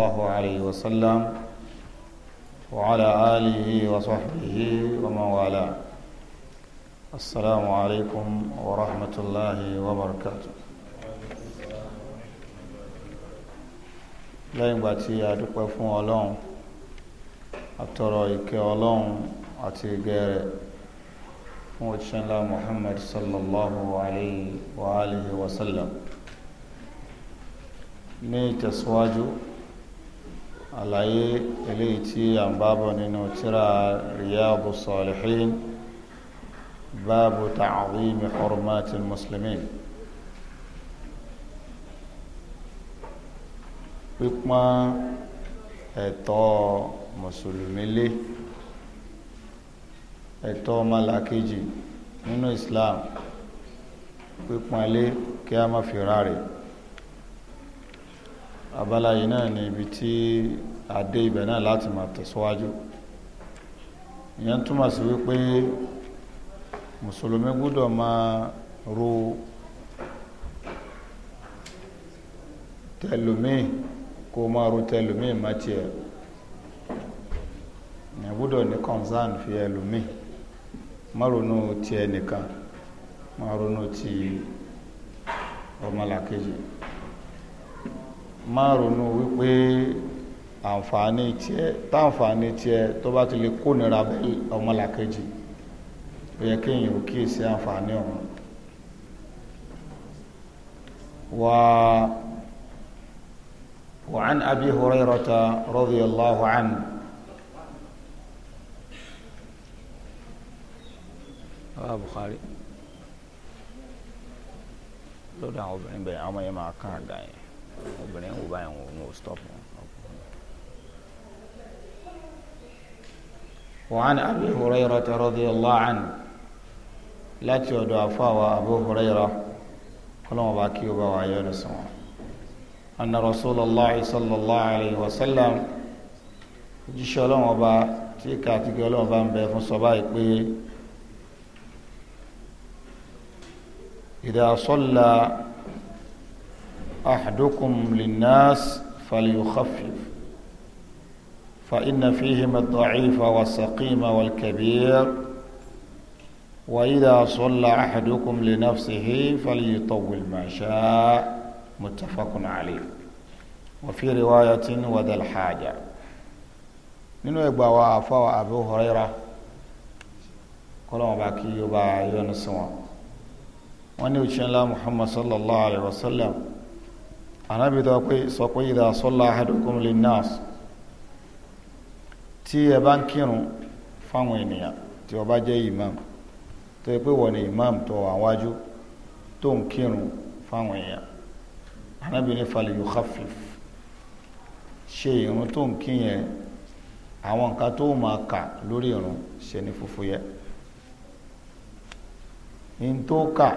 الله عليه وسلم وعلى آله وصحبه وموالاه السلام عليكم ورحمة الله وبركاته لا ينبغي يا دكتور فون أترى كيولون أتيجر وإن محمد صلى الله عليه وآله وسلم ني تسواجو àlàyé eléyìí tí a ń bábọ̀ nínú tíra Riyadu Salihin báàbù ta'zimi hurumatil muslimin pípọ́n ẹ̀tọ́ mùsùlùmí lé ẹ̀tọ́ ọmọlàkejì nínú Islam pípọ́n lé kí a má fi rárẹ̀ abala yìí náà ni ibi tí adé ibẹ̀ náà láti máa tẹ̀síwájú ìyẹn túmọ̀ sí wípé mùsùlùmí gbọ́dọ̀ máa ro tẹlòmíì kó máa ro tẹlòmíì má tiẹ̀ ìyẹn gbọ́dọ̀ ní concern fi ẹlòmíì má tiẹ̀ nìkan má ti ọmọlàkejì má ronú wípé àǹfààní tiẹ̀ táǹfààní tiẹ̀ tó bá ti lè kó nira bẹ́ẹ̀ ọmọlàkejì ó yẹ kéèyàn ò kíyèsí àǹfààní ọ̀hún wa وعن أبي هريرة رضي الله عنه البخاري لو دعوا بين بين عمي مع كان obìnrin wò báyìí wọn ò stop وعن أبي هريرة رضي الله عنه لا تودع أفاوى أبو هريرة كلما باكي وباوى يونسوا أن رسول الله صلى الله عليه وسلم jíṣẹ́ ọlọ́run ọba tí kàtíkì ọlọ́run bá بي إذا صلى أحدكم للناس فليخفف فإن فيهم الضعيف والسقيم والكبير وإذا صلى أحدكم لنفسه فليطول ما شاء متفق عليه وفي رواية وذا الحاجة من ẹgbà wa àfọwọ́ هريرة Huraira باكي bá يونسوا yóò bá محمد صلى الله عليه وسلم ànábì tó pé sọ pé idha salla ahadukum linnas tí ẹ bá ń kírun fáwọn ènìyàn tí ó bá jẹ́ imam tó yẹ pé wọ́n ni imam tó wà wájú tó ń kírun fáwọn èèyàn ànábì ní fal yukhaffif ṣe irun tó ń kí yẹn àwọn nǹkan tó máa kà lórí irun ṣe ní fúfúyẹ́ ní tó kà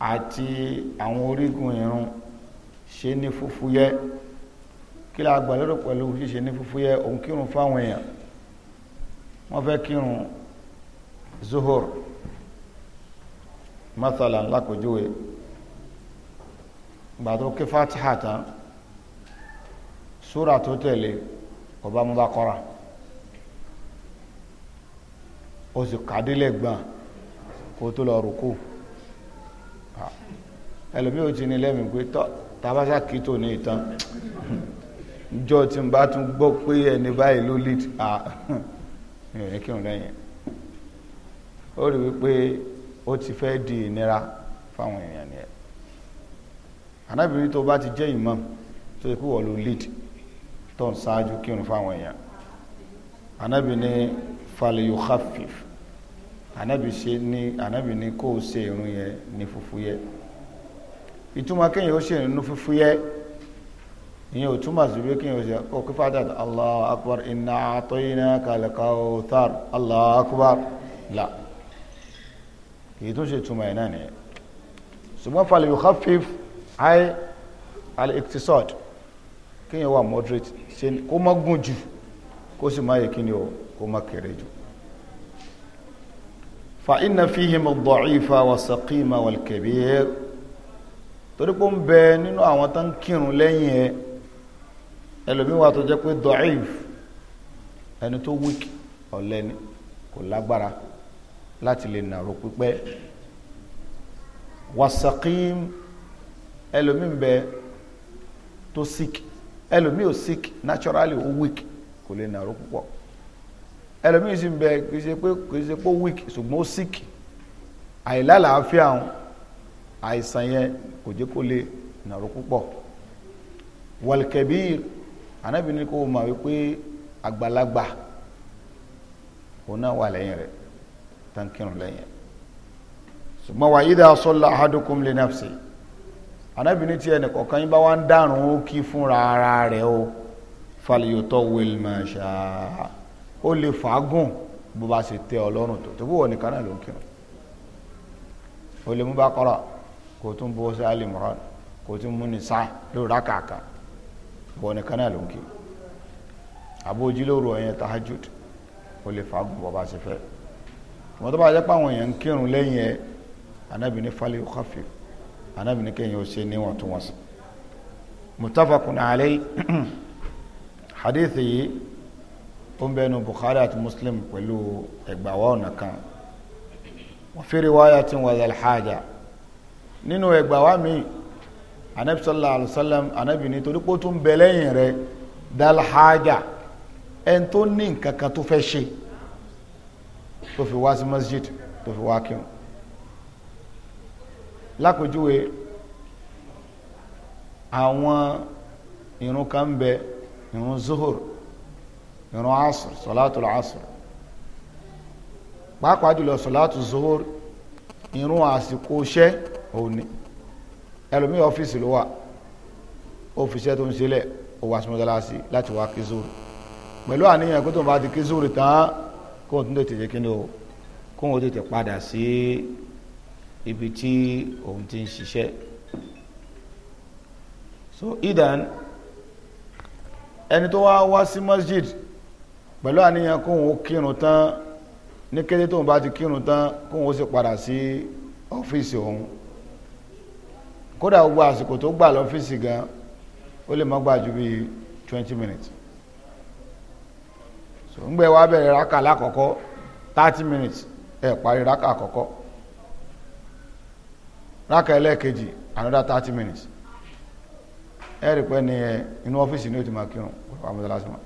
àti àwọn orígun irun ṣe ní fúfúyẹ́ kí la gbà lérò pẹ̀lú ṣíṣe ní fúfúyẹ́ òun kírun fáwọn èèyàn wọ́n fẹ́ kírun zuhur mathalan lákòjúwe gbà tó ké fatiha tán súra tó tẹ̀lé ọba mú Baqara ó sì kàdílẹ̀ gbọ́n kó tó lọ rùkú ẹlòmíì ti ní lẹ́mìí pé tọ́ tabasa kito ní ìtàn jọ tí n bá tún gbọ́ pé ẹni báyìí ló lead à ẹ̀rìn kírun lẹ́yìn ó rí wípé ó ti fẹ́ di ìnira fáwọn èèyàn ni ẹ̀ anábìrin tó bá ti jẹ́ imam tó ikú wọ̀ ló lead tó ń ṣáájú kírun fáwọn èèyàn anábì ní falayu khafif anábì ṣe ní anábì ní kó o ṣe irun yẹn ní fufu yẹn ìtumọ̀ kéèyàn ó ṣe nínú fífú yẹ ìyẹn ò túmọ̀ sí pé kéèyàn ó ṣe kó kí fàdà Allahu akbar inna a'tainaka al-kawthar Allahu akbar là kìí tún ṣe túmọ̀ ẹ̀ náà nìyẹn ṣùgbọ́n falẹ̀ yóò khaffif ayé al-iqtisad kéèyàn wà moderate ṣe kó má gùn jù kó sì má yẹ kí ni kó má kéré jù fa inna fihim ad-da'ifa wa saqima wal-kabir torí pé ó ń bẹ nínú àwọn tó ń kírun lẹ́yìn ẹ ẹlòmíwà tó jẹ́ pé dọ̀íf ẹni tó wík ọ̀lẹ́ni kò lágbára láti lè nàró pípẹ́ wasakim ẹlòmí ń bẹ tó sick ẹlòmí ò sick naturally ó weak kò lè nàró púpọ̀ ẹlòmí sì ń bẹ kì í ṣe pé kì í ṣe pé weak ṣùgbọ́n ó sick àìlálàáfíà àwọn àìsàn yẹn kò jẹ́ kó lè nàró púpọ̀ wàlkẹ̀bíir anábì ní kó o mọ̀ wípé àgbàlagbà òun náà wà lẹ́yìn rẹ̀ tankirun lẹ́yìn ṣùgbọ́n wà ídà sọ́lá ahadukum lè nàfsì anábì ní tí ẹnì kọ̀ọ̀kan yín bá wá ń dárùn ó kí fúnra ara rẹ̀ o fàlìyòtọ́ wẹ̀lmọ̀ṣà ó lè fàágùn bó bá ṣe tẹ́ ọ tó tó bó wọ̀ nìkan náà ló ń kírun ó lè mú bá kọ́ra kò tún bọ́ sí alimuran kò tún mú ní sáà lórí rákàkà bọ́ ní kanáà ló ń kí àbójú lóru ọ̀yẹn tahajud ó lè fagùn bọ́ bá ṣe fẹ́ wọ́n tó bá jẹ́ páwọn èèyàn ń kírun lẹ́yìn ẹ̀ anábì ní falẹ̀ òkàfẹ́ anábì ní kéèyàn ó ṣe níwọ̀ntúnwọ̀nsì mutafakun hadithi yìí ó ń bẹnu Bukhari àti Muslim pẹ̀lú ẹgbàwọ́ ọ̀nà kan wọ́n fi riwaya tí wọ́n yẹ nínú ẹgbà wa mi anabi sallallahu alayhi wa sallam anabi ni torí pé ó tún bẹ lẹ́yìn rẹ̀ dalhaja ẹni tó ní nǹkan kan tó fẹ́ ṣe tó fi wá sí masjid tó fi wá kírun lákòjúwe àwọn irun kan bẹ irun zuhur irun asr sọláàtù asr pàápàá jùlọ sọláàtù zuhur irun àsìkò òun ni ẹlòmíì ọ́fíìsì ló wà ọ́fíìsì tó ń ṣẹlẹ̀ ó wá sí mọ́sálásí láti wá kí zoro pẹ̀lú àníyàn kó tó ń bá ti kí zoro tán kó o tún tètè jẹ́ kí ni o kó o tètè padà sí ibi tí òun ti ń ṣiṣẹ́ so idan ẹni tó wá wá sí masjid pẹ̀lú àníyàn kó o kírun tán ní kété tó ń bá ti kírun tán kó o sì padà sí ọ́fíìsì òun kódà gbogbo àsìkò tó gbà lọ́fíìsì gan ó lè má gbà ju bíi twenty minutes so ń gbẹ wá bẹ̀rẹ̀ rákà lákọ̀ọ́kọ́ thirty minutes ẹ̀ parí rákà àkọ́kọ́ rákà ẹlẹ́ẹ̀kejì another thirty minutes ẹ̀ rí pẹ́ ni ẹ inú ọ́fíìsì ni ó kírun wà mọ́tàlásí wọn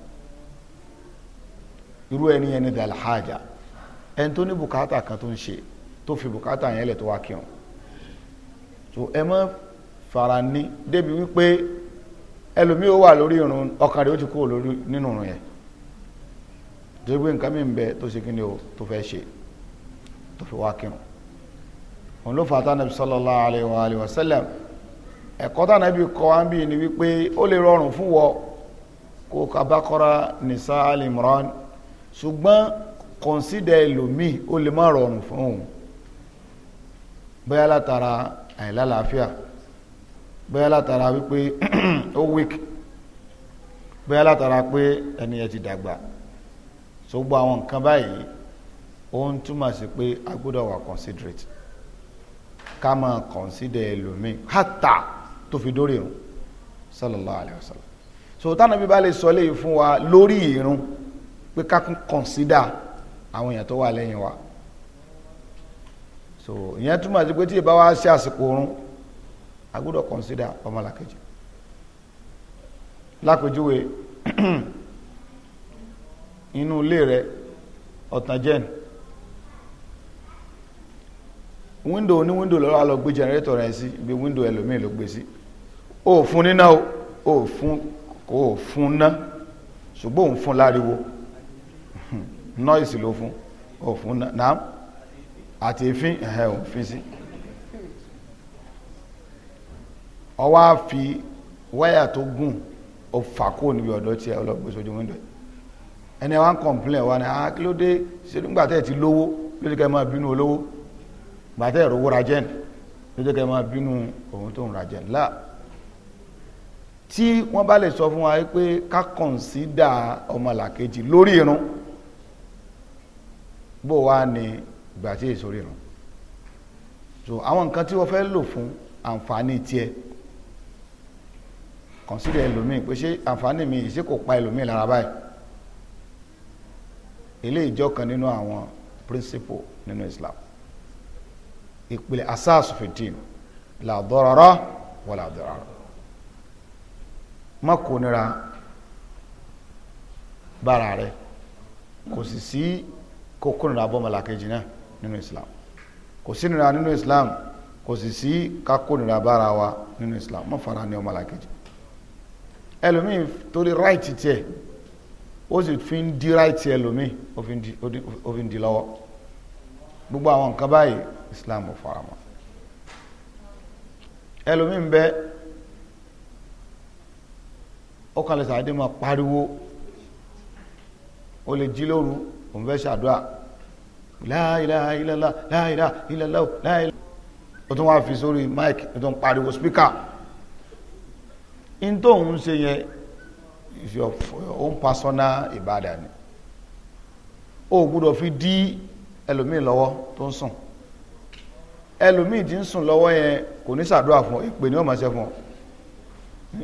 irú ẹni yẹn ni dalhaja ẹni tó ní bùkátà kan tó ń ṣe tó fi bùkátà yẹn lẹ̀ tó so ẹ mọ́ fara ní débi wípé ẹlòmí ó wà lórí irun ọkàn rẹ̀ ó ti kúrò lórí nínú irun yẹn tó gbé nǹkan mi ń bẹ tó ṣe o tó fẹ́ ṣe tó fi wá kírun òun ló fàtà nàbí sallallahu alaihi wa alihi wa sallam ẹ̀kọ́ tá wá ń ni wípé ó lè rọrùn fún wọ kó ka Nisa Al-Imran ṣùgbọ́n kọ̀ǹsídẹ̀ o ó lè má rọrùn fún òun látara àìlálàáfíà bóyá látara wípé ó wík bóyá látara pé ẹnìyẹn ti dàgbà so gbọ́ àwọn nǹkan báyìí ó ń túmọ̀ sí pé a gbọ́dọ̀ wà considerate ká máa consider ẹlòmíì hátà tó fi dórí irun sallallahu alayhi wa sallam so táwọn bí bá lè sọ léyìí fún wa lórí irun pé ká consider àwọn èèyàn tó wà lẹ́yìn wa so ìyẹn túmọ̀ sí pé tí ìbá wa ṣe àsìkò oorun a gbọ́dọ̀ consider ọmọlàkejì lápèjúwe inú ilé rẹ ọ̀tàn jẹ́ni windo ní windo lọ́wọ́ a lọ gbé generator rẹ̀ sí ibi windo ẹlòmíì ló gbé sí ó fún níná o ó fún kò fún ná ṣùgbọ́n òun fún láriwo noise ló fún ó fún ná àti èéfín ẹ̀hẹ́ ò fi sí ọwọ́ á fi wáyà tó gùn ó fà kó níbi ọ̀dọ́ tí ẹ ọlọ́gbẹ́ sójú wíńdò ẹni wá ń kọ̀m̀pìlẹ̀ wá ní ah kí ló dé ṣe nígbà tẹ́ ti lówó ló dé kẹ́ máa bínú olówó gbà tẹ́ ìrówó ra jẹ́ ló dé kẹ́ máa bínú òun tó ń ra jẹ́ láà tí wọ́n bá lè sọ fún wa pé ká kọ̀ǹsídà ọmọlàkejì lórí irun bó wá ní ìgbà tí èso ríran so àwọn nǹkan tí wọ́n fẹ́ lò fún àǹfààní tiẹ̀ consider ẹlòmíì pé ṣé àǹfààní mi ṣé kò pa ẹlòmíì lára báyìí ilé ìjọ kan nínú àwọn principle nínú Islam ìpìlẹ̀ asaasu fìdín la darara wala darara má kò nira bára rẹ kò sì sí kókó nira bọ́mọlàkejì náà nínú islam kò sí nira nínú islam kò sì sí kakó nira bára wa nínú islam mọ́ fara ní ọmọ làkejì ẹlòmíì torí right tiẹ̀ ó sì fi ń di right ẹlòmíì ó fi ń di lọ́wọ́ gbogbo àwọn nǹkan báyìí islam ò fara mọ́ ẹlòmíì ń bẹ ó kàn lè sàdé máa pariwo ó lè jí lóru òun fẹ́ ṣàdúrà láìláà ìlàlá láìláà ìlàlá láìláà ó tún wá fi sórí mike ó tún pariwo speaker in tó ń ṣe yẹn is your own personal ìbádà ni o gbúdọ̀ fi dí ẹlòmíì lọ́wọ́ tó ń sùn ẹlòmíì tí ń sùn lọ́wọ́ yẹn kò ní sàdúrà fún ọ ìpè ní ọmọ ṣe fún ọ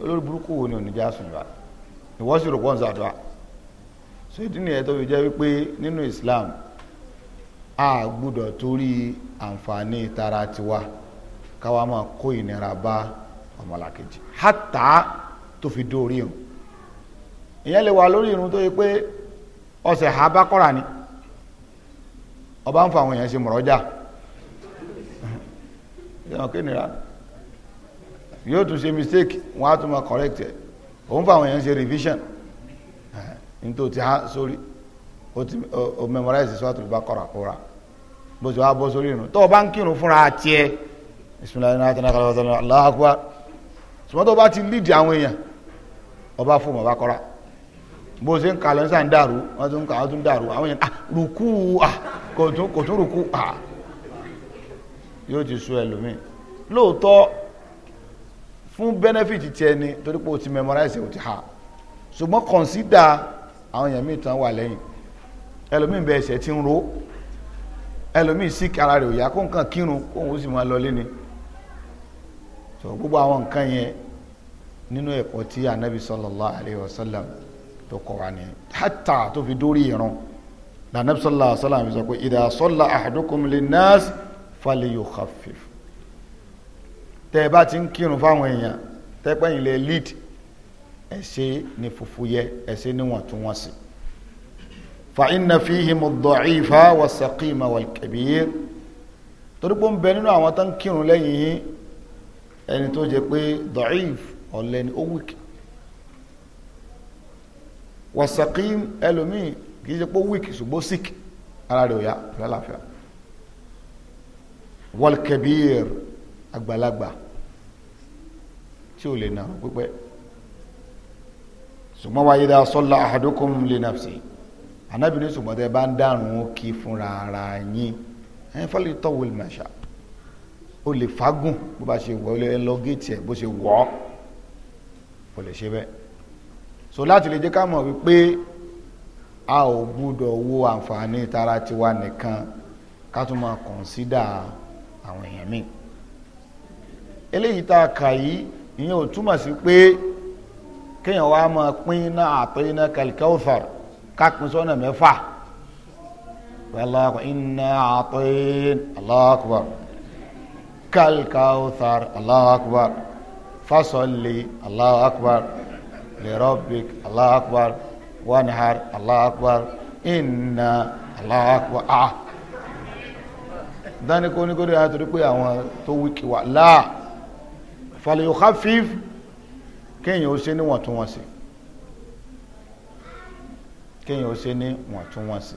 olórí burúkú wo ni ò ní já sùn wá ìwọ́sì rò sàdúrà so ìdí nìyẹn tó fi jẹ́ wípé nínú Islam a gbúdọ̀ torí àǹfààní ìtara tiwa káwa máa kó ìnira bá ọmọlàkejì hátà tó fi dórí hàn ìyẹn lè wà lórí irun tó yẹ pé ọsẹ̀ ha bá kọ́ra ni ọba ń fa àwọn èèyàn ṣe mọ̀rọ́jà ìyẹn kí nira yóò tún ṣe mistake wọ́n á tún máa correct ẹ̀ òun fa àwọn èèyàn ṣe revision nítorí ti ha sórí. o memorize suratul baqara kóra bó ti wá bó sórí irun tó o bá ń kírun fúnra tiẹ̀ bisimilayi náà tẹ̀lé kàlọ́ sọ́nà aláàkúwà ṣùgbọ́n tó o bá ti lídìí àwọn èèyàn ọba fún ọba kọ́ra bó ṣe ń kà lọ sàn dàrú wọ́n tún kà wọ́n tún dàrú àwọn èèyàn ah rùkú ah kò tún kò tún rùkú ah yóò ti sú ẹlòmíì lóòótọ́ fún benefit tiẹ̀ ni torí pé o ti memorize o ti ha ṣùgbọ́n consider àwọn èèyàn míì tán wà lẹ́yìn ẹlòmíì bẹ ẹsẹ̀ ti ń ro ẹlòmíì sí ara rẹ̀ òyà kó nǹkan kírun kó òun sì máa lọ lé ni so gbogbo àwọn nǹkan yẹn nínú ẹ̀kọ́ tí anabi sallallahu alayhi wa sallam tó kọ́ wa ni hata tó fi dórí ìran lànàbí sallallahu alayhi wa sallam sọ pé idha salla ahadukum linnas falyukhaffif tẹ́ ẹ bá ti ń kírun fáwọn èèyàn tẹ́pẹ́yìn lè lead ẹ ṣe ní fufu yẹ ẹ ṣe níwọ̀ntúnwọ̀nsì. فإن فيهم الضعيف والسقيم والكبير torí pé ó ń bẹ nínú àwọn tó ń kírun lẹ́yìn yín ẹni tó jẹ pé da'if ọ̀lẹ ni ó wíkì wasaqim ẹlòmíì kì í ṣe pé wíkì ṣùgbọ́n sick ara rẹ̀ ò yá rẹ̀ láfíà walkabir àgbàlagbà tí ò lè nà pípẹ́ ṣùgbọ́n wa idha salla ahadukum li nafsihi anabi ní ṣùgbọ́n tẹ́ bá ń dárun ó kí fúnra ara yín ẹ fọlẹ́ tọ́wọ́ lè máa ṣá o lè fagùn bó bá ṣe wọ ẹ lọ géètì ẹ bó ṣe wọ ọ kò lè ṣe bẹ́ẹ̀ so láti lè jẹ́ ká mọ̀ wípé a ò gbúdọ̀ wo àǹfààní tara tiwa nìkan ká tún máa kọ̀nsídà àwọn èèyàn míì eléyìí tá a kà yìí ìyẹn ò túmọ̀ sí pé kéèyàn wá máa pín náà àpé náà kàlíkà òfàrà kápin sọ́nà mẹ́fà wàlláhu iná àtọ́yìn Allahu akbar kalkawthar Allahu akbar fasolli Allahu akbar lirobik Allahu akbar wanhar Allahu akbar iná Allahu akbar ah dání kó ní kó dé àti rí pé àwọn tó wíkì wà láà fàlẹ̀ yóò ká fíf kéèyàn ó kéèyàn ó ṣe ní wọ̀ntúnwọ̀nsì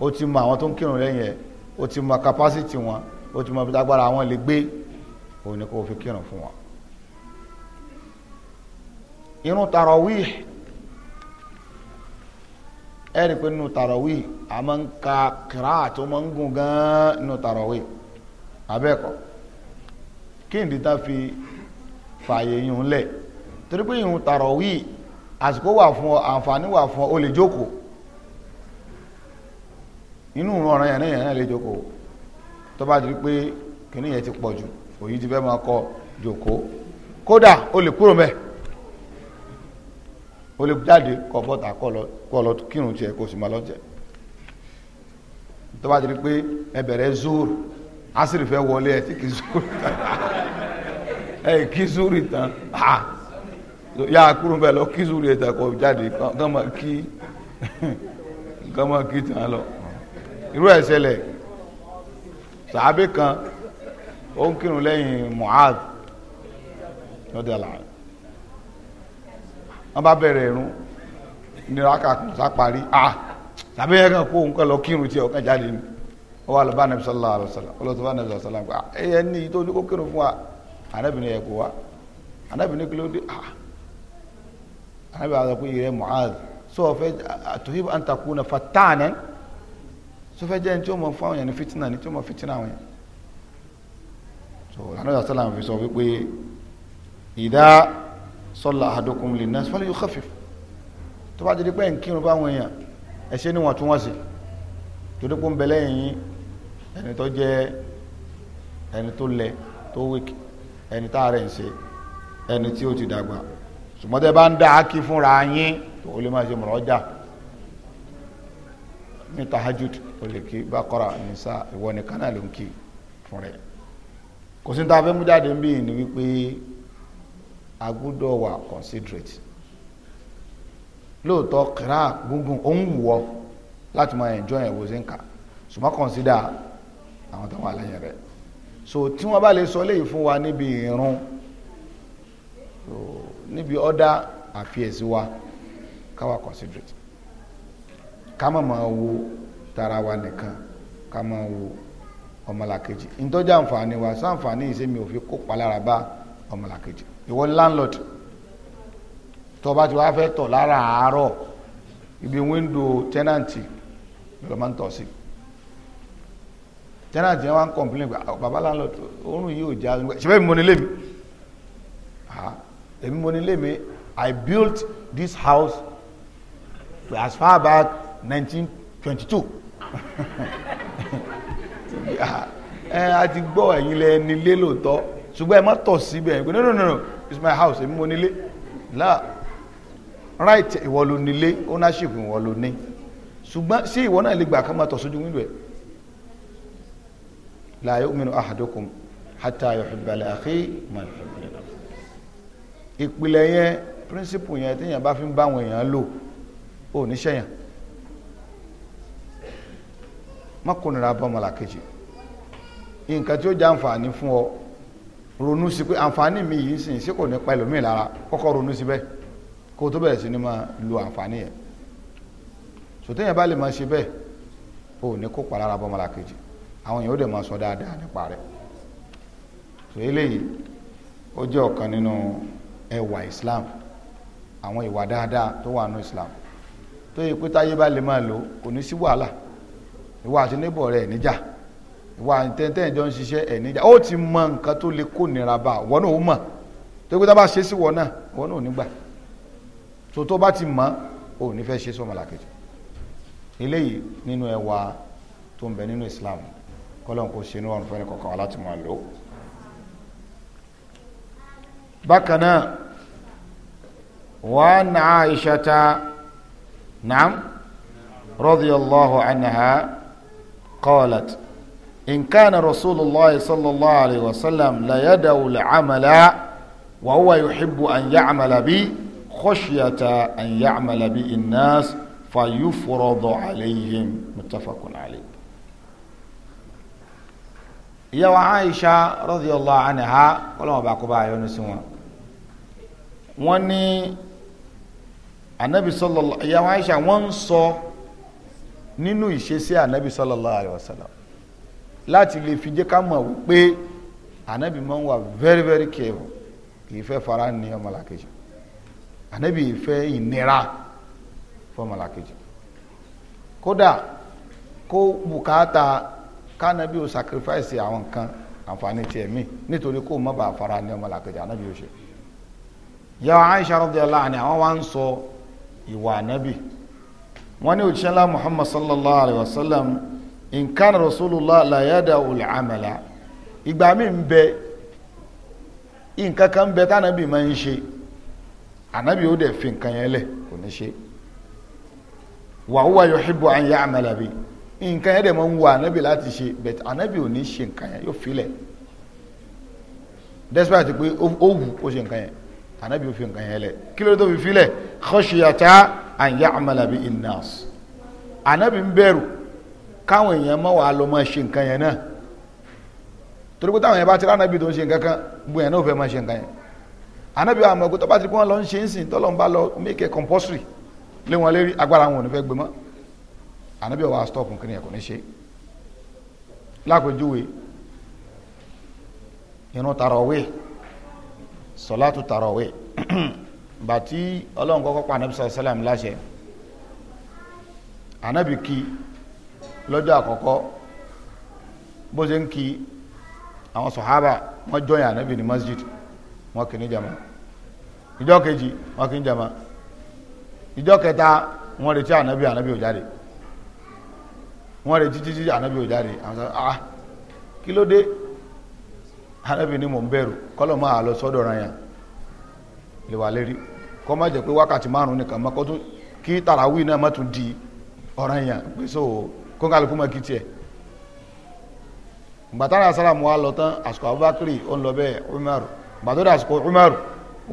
ó ti mọ àwọn tó ń kírun lẹ́yìn ẹ̀ ó ti mọ capacity wọn ó ti mọ ibi tágbára wọn lè gbé òun ni kò fi kírun fún wọn. irun tarawih ẹ rí i pé nínú tarawih a máa ń ka kíra tó máa ń gùn gan-an nínú tarawih abẹ́ẹ̀kọ́ kí n dìtà fi fààyè yìí ń lẹ̀ torí pé irun tarawih àsìkò wà fún ọ àǹfààní wà fún ọ o lè jókòó inú ọ̀ràn yẹn náà lè jókòó tó bá di pé kìnìún yẹn ti pọ̀ jù òyìn ti fẹ́ máa kọ jókòó kódà o lè kúrò mẹ́ o lè jáde kọ bọ́tà kọ lọ kírun tiẹ̀ kó o sì máa lọ jẹ tó bá di pé ẹ zoro asiri fẹ́ wọlé ẹ ti kì í zoro tán ẹ kì í zoro tán ha yà á kúrò bẹ́ẹ̀ lọ kí sùúrù ètò ẹ̀kọ́ jáde kán mọ̀ kí kán mọ̀ kí tàn án lọ irú ẹ̀ ṣẹlẹ̀ sàábì kan ó ń kírun lẹ́yìn Mu'adh lọ́dẹ̀ àlàyé wọ́n bá bẹ̀rẹ̀ ìrun nira kàkùn sá parí ah sàbí yẹn kan kó òun kan lọ kírun tí ọkàn jáde ni ó wà lọ́ba anabi sallallahu alayhi wa sallam ọlọ́tọ́ bá anabi sallallahu alayhi wa sallam ẹ̀yẹ ní ìtọ́jú kó kírun fún wa anabi ni ẹ̀ wa anabi ni kí ah anabi àwọn akóyè rẹ mu'adh sọ fẹ àtúhìbò àǹtakùnà fatánẹ sọ fẹ jẹ ní tí ó mọ fún fitina ní tí ó fitina àwọn so anabi sọlá fi sọ wípé ìdá sọlá ahadukum linnas fal yukhaffif tó bá ti di pé nkírun báwọn èèyàn ẹ̀ṣẹ̀ ni wọ́n tún wọ́n sí torí pé ń bẹ lẹ́yìn yín ẹni tó jẹ́ ẹni tó lẹ tó wíkì ẹni tá a rẹ̀ ń ṣe ẹni tí ó ti dàgbà ṣùgbọ́n tẹ́ bá ń dá akí fúnra yín tó o lè máa ṣe mọ̀rọ̀ ọjà ní tahajud o lè kí bákọ́ra nìsa ìwọ nìkan náà ló ń kí fún rẹ̀ kò sí ta fẹ́ mú jáde ń bí ní wípé a gbọ́dọ̀ wà considerate lóòótọ́ kíra gbùngbùn ó ń wù ọ́ láti máa enjoy ẹ̀ bó ṣe ń kà ṣùgbọ́n consider àwọn tó wà rẹ̀ so tí wọ́n bá lè sọ léyìí fún wa níbi ìrun so níbi other affairs wa káwa considerate ká má máa wo tara wa nìkan ká máa wo ọmọlàkejì ntọ́jú àǹfààní wa sáǹfààní ìsẹ́mi ò fi kópa lára bá ọmọlàkejì ìwọ landlord tó bá ti wá fẹ́ tọ̀ lára àárọ̀ ibi windo tẹ́nàntì lọ́dọ̀ máa ń tọ̀ sí tẹ́nàntì yẹn wá ń complain bàbá landlord oorun yìí ò já ṣe bẹ́ẹ̀ mi mo nílé mi èmi mo ní ilé mi I built this house as far back 1922 ẹ eh, a ti gbọ́ ẹ̀yin lẹ nílé lóòótọ́ ṣùgbọ́n ẹ má tọ̀ síbẹ̀ ẹ̀ no no no it's my house èmi mo nílé la right ìwọ ló nílé ownership ìwọ ló ní ṣùgbọ́n sí ìwọ náà lè gbà ká máa tọ̀ sójú wíńdò ẹ̀ la yu'minu ahadukum hatta yuhibba li akhi ma ìpìlẹ̀ yẹn principle yẹn téèyàn bá fi ń báwọn èèyàn lò ó níṣẹ́yàn mọ́kùnrin abọ́mọlà kejì nǹkan tí ó jẹ́ àǹfààní fún ọ ronú sí pé àǹfààní mi yìí sì sí kò ní pa ẹlòmíì lára kọ́kọ́ ronú sí bẹ́ẹ̀ kó tó bẹ̀rẹ̀ sí ni máa lo àǹfààní yẹn sòtéèyàn bá lè máa ṣe bẹ́ẹ̀ ó ní kó pa lára abọ́mọlà kejì àwọn èèyàn ó dẹ̀ máa sọ dáadáa nípa rẹ̀ sọ eléyìí ó jẹ́ ọ̀kan nínú. No ẹwà islam àwọn ìwà dáadáa tó wà nù islam tó yẹ pé táyé bá lè máa lò kò ní sí wàhálà ìwà àti níbọ̀ rẹ̀ níjà ìwà tẹ́ntẹ́ ìjọ ń ṣiṣẹ́ ẹ̀ níjà ó ti mọ nǹkan tó lè kó nira bá wọn náà ó mọ̀ tó yẹ pé tá bá ṣe sí wọn náà wọn náà ò ní gbà tó tó bá ti mọ̀ ò ní fẹ́ ṣe sọmọlàkejì eléyìí nínú ẹwà tó ń bẹ nínú islam kọlọ́n kò ṣe níwọ̀n fún ẹni kọ̀ọ̀kan láti máa lò bákan náà وعن عائشة نعم رضي الله عنها قالت إن كان رسول الله صلى الله عليه وسلم لا يدعو العمل وهو يحب أن يعمل بي خشية أن يعمل بي الناس فيفرض عليهم متفق عليه يا عائشة رضي الله عنها قالوا باكو با يونس wọ́n ní anabi sallallahu ìyàwó aisha wọ́n ń sọ nínú ìṣesí anabi sallallahu alayhi wa sallam láti lè fi jẹ́ ká mọ̀ wípé anabi máa ń wà very very careful kì í fẹ́ fara ní ọmọlàkejì anabi ìfẹ́ ìnira fọmọlàkejì kódà kó bùkátà kánabi ò sacrifice àwọn nǹkan àǹfààní tiẹ̀ mí nítorí kó má bàa fara ní ọmọlàkejì anabi ò ṣe yàwó aisha radiyallahu anha àwọn wa ń sọ. So, ìwà ànábì wọ́n ní òjíṣẹ́ ńlá muhammad sallallahu alayhi wa sallam nǹkan rasulullah layada olùhàmàlà ìgbà mi ń bẹ nǹkan kan bẹ tánàbì máa ń ṣe ànábì ó dẹ̀ fi nǹkan yẹn lẹ̀ kò ní ṣe wa huwa yuhibbu an ya'mala bi nǹkan yẹn dẹ̀ máa ń wọ ànábì láti ṣe but ànábì ò ní ṣe nǹkan yẹn yóò filẹ̀ despite pé ó wù ó ṣe nǹkan yẹn anabi òfin nǹkan yẹn lẹ kí ló tó fi filẹ̀ khashiyata an ya'mala bi innas anabi ń bẹ̀rù káwọn èèyàn mọ wàá lọ máa ṣe nǹkan yẹn náà torí pé táwọn èèyàn bá ti rá anabi tó ń ṣe nǹkan kan gbogbo yẹn náà ò fẹ́ máa ṣe nǹkan anabi àwọn ọmọ ẹgbẹ́ tó bá ti pé wọn lọ ń ṣe ń sìn tọ́lọ́ ń make a compulsory lé wọn lérí agbára wọn ò ní fẹ́ gbé mọ́ anabi ọwọ́ stop nǹkan yẹn kò ní ṣe lápèjúwe ìrun tarawih sọlátù tàràwé bàtí ọlọ́run kọ́kọ́ pa anabi sọ̀rọ̀ sálàm láṣẹ anabi kí lọ́jọ́ àkọ́kọ́ bó ṣe ń kí àwọn sọ̀hábà wọ́n jọyìn anabi ní masjid wọ́n kì ní jama ìjọ kejì wọ́n kì ní jama ìjọ kẹta wọ́n retí anabi anabi ò jáde wọ́n retí títí anabi ò jáde àwọn sọ ah kí ló dé anábì ni mò ń bẹ̀rù kọ́lọ̀ máa lọ sọ́dọ̀ ra yàn lè lérí kọ́ má jẹ́ pé wákàtí márùn-ún nìkan mọ́ kọ́tún kí tàràwí náà di ọ̀ràn yàn pé so kó kálukú mọ́ kí tiẹ̀ gbàtàrà sálàmù wa lọ tán àsìkò abubakari ó ń lọ bẹ́ẹ̀ umaru gbàtàrà umaru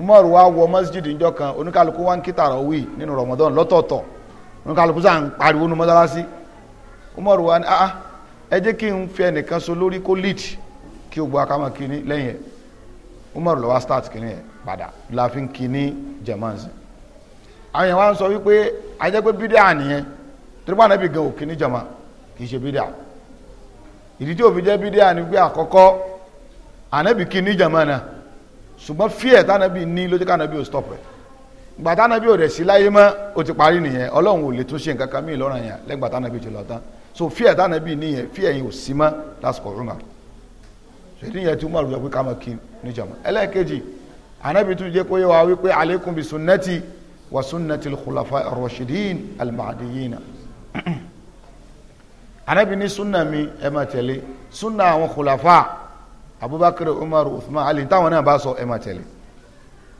umaru wa masjid njọ kan oníkálukú wa ń kí tàràwí nínú ramadan lọ́tọ̀ọ̀tọ̀ ń pariwo nu mọ́sálásí umaru wa ni ah ẹ jẹ́ so lórí kó lead kí ó gbọ́ akámọ̀ kíní lẹ́yìn ẹ̀ Umar ló wá start kíní ẹ̀ padà láàfin kíní jẹ̀mọ́nsì àwọn èèyàn wá ń sọ wípé ajẹ́ pé bídíà nìyẹn torípà náà bí gan ò kíní jẹ̀mọ́ kì í ṣe bídíà ìdí tí òfin jẹ́ bídíà ni pé àkọ́kọ́ ànábì kíní jẹ̀mọ́ náà ṣùgbọ́n fíẹ̀ tánàbì ní lójú kánàbì ò stop rẹ̀ gbà tánàbì ò rẹ̀ sí láyé mọ́ ó ti parí nìyẹn ọlọ́run ò lè tún ṣe nǹkan kan mí lọ́ràn yẹn lẹ́gbàá tánàbì ti lọ tán so fíẹ̀ tánàbì níyẹn fíẹ̀ yẹn ò sí mọ́ lásìkò ṣètì yẹn tí Umar sọ pé ká máa kí níjàmá ẹlẹ́ẹ̀kejì anabi tún jẹ́ kó yẹ wá wípé aleikum bi sunnati wa sunnati al-khulafa ar-rashidin al-mahdiyina anabi ní sunna mi ẹ máa tẹ̀lé sunna àwọn khulafa abubakar umar uthman ali táwọn náà bá sọ ẹ máa tẹ̀lé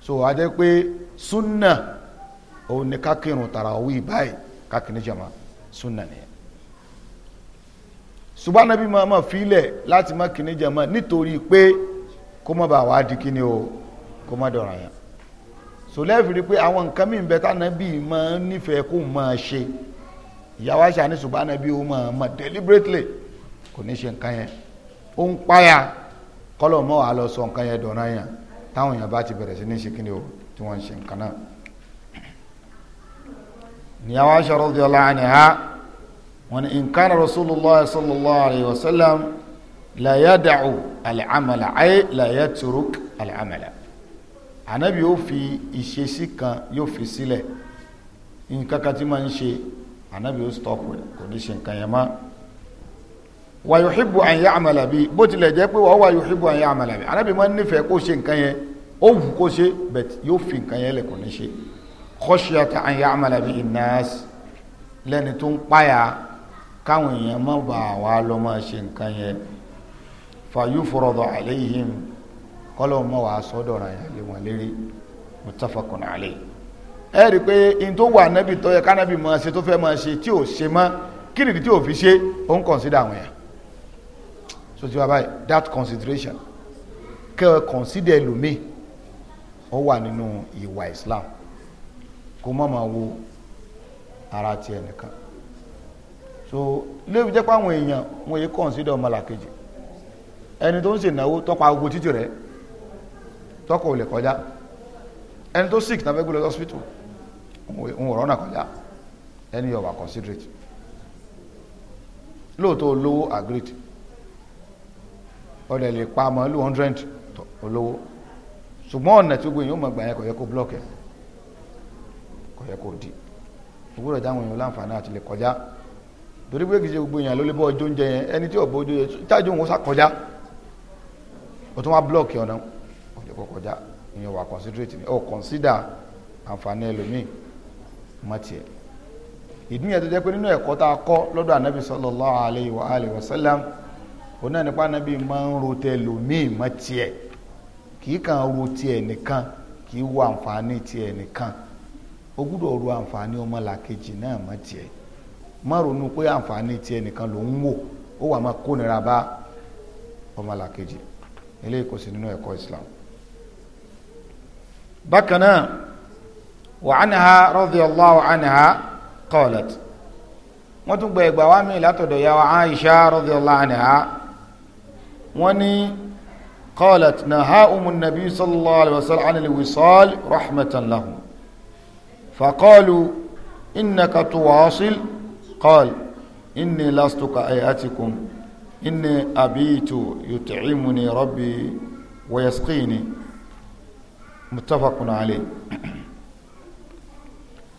so a pé sunna òun ni ká tarawih báyìí ká kí sunna nìyẹn ṣùgbọ́n anábì máa mọ̀ fílẹ̀ láti mọ́ kíní jẹ̀mọ́ nítorí pé kó mọ́ bá wà á di kíní o kó mọ́ dọ̀rọ̀ yẹn so lẹ́ẹ̀fì rí pé àwọn nǹkan mìíràn bẹ́ẹ̀ tánábì máa ń nífẹ̀ẹ́ kó máa ṣe ìyàwó àṣà ní ṣùgbọ́n anábì ó máa mọ̀ deliberately kò ní ṣe nǹkan yẹn ó ń páyà kọ́lọ̀ mọ́ wàá lọ sọ nǹkan yẹn dọ̀rọ̀ yẹn táwọn èèyàn bá ti bẹ̀rẹ̀ sí ní ṣe kíní o tí wọ́n ń ṣe nǹkan náà ìyàwó wọ́n ní nǹkan rasulullah sallallahu alayhi wa sallam la yada'u al'amala ayé la yatruk al'amala anabi yóò fi ìṣesí kan yóò fi sílẹ̀ nǹkan kan tí máa ń ṣe anabi yóò stop rẹ̀ kò ní ṣe nǹkan yẹn mọ́ wa yuhibbu an ya'mala bi bó tilẹ̀ jẹ́ pé wọ́n wà yuhibbu an ya'mala bi anabi máa ń nífẹ̀ẹ́ kó ṣe nǹkan yẹn ó wù kó ṣe bẹ̀t yóò fi nǹkan yẹn lẹ̀ kò ní ṣe khashyata an ya'mala bi innas lẹ́ni tó ń páyà káwọn èèyàn má bà wá lọ máa ṣe nǹkan yẹn fàyú fọrọdọ àléyìn kọlọ mọ wàá sọdọ ra yà lé wọn lérí mutafakun alẹ ẹ rí i pé in tó wà nábì tó yẹ kánábì máa ṣe tó fẹ́ máa ṣe tí ò ṣe mọ́ kí nìdí tí ò fi ṣe ó ń consider àwọn yẹn so ti wá báyìí that consideration kẹ́ ẹ consider lómi ó wà nínú ìwà Islam kó má máa wo ara tiẹ̀ nìkan so lee jẹ́ pé àwọn èèyàn wọn yìí consider ọmọlàkejì ẹni tó ń ṣe ìnáwó tọ́pa gbogbo títì rẹ̀ tọ́kọ̀ ò kọjá ẹni tó sick tàbí gbé lọ hospital ń wọ̀rọ̀ náà kọjá ẹni yóò wà considerate lóòótọ́ olówó agreed ọ̀dẹ̀ lè pa mọ́ lù hundred olówó ṣùgbọ́n ọ̀nà tí gbogbo èèyàn mọ̀ gbà yẹn torí pé kìí gbogbo èèyàn ló lè bọ́ ọjọ́ oúnjẹ yẹn ẹni tí ọ̀bọ ojú yẹn tájú òun sàkọjá ó tún wá blọ́ọ̀kì ọ̀nà ọjọ́ kọkọjá ìyẹn wà ni ó consider àǹfààní ẹlòmíì mọ́tì ẹ̀ ìdí yẹn tó jẹ́ pé nínú a kọ́ lọ́dọ̀ alayhi wa máa ń mọ́tì ẹ̀ kì í ro tiẹ̀ nìkan kì í wo àǹfààní tiẹ̀ nìkan ó gbúdọ̀ ro àǹfààní ọmọlàkejì má ronú pé àǹfààní tiẹ̀ nìkan ló ń wò ó wà máa kó nira bá ọmọlàkejì eléyìí kò sí nínú ẹ̀kọ́ Islam bákan náà wa anha radiyallahu anha qalat wọ́n tún gba ẹ̀gbà wa mi látọ̀dọ̀ ya wa Aisha radiyallahu anha wọ́n ní qalat naha umun nabi sallallahu alaihi wasallam anil wisal rahmatan lahum faqalu innaka tuwasil قال إني لست كأياتكم إني أبيت يطعمني ربي ويسقيني متفق عليه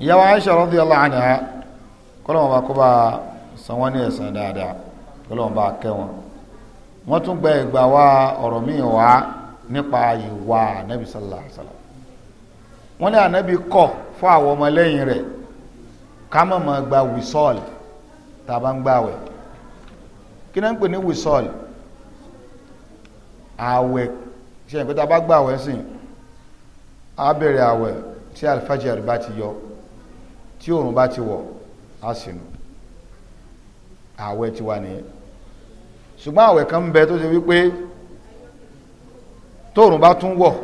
يا عائشة رضي الله عنها kọlọ́wọ́n bá kó bá sanwó ní ẹ̀sán dáadáa kọlọ́wọ́n bá kẹ́ wọn wọ́n tún gba ìgbà wa ọ̀rọ̀ míì wá nípa ìwà ànábì sallallahu alaihi wasallam wọ́n ní ànábì kọ̀ fún àwọn ọmọlẹ́yìn rẹ̀ ká má máa gba wìsọ́ọ̀lì tá a bá ń gbààwẹ̀ kí náà ń pè ní wisol ààwẹ̀ ṣe ìpé tá a bá gbààwẹ̀ sí a bẹ̀rẹ̀ ààwẹ̀ tí alfajir bá ti yọ tí oòrùn bá ti wọ̀ á sì nù ààwẹ̀ ti wà nìyẹn ṣùgbọ́n ààwẹ̀ kan ń bẹ tó ṣe wípé tóòrùn bá tún wọ̀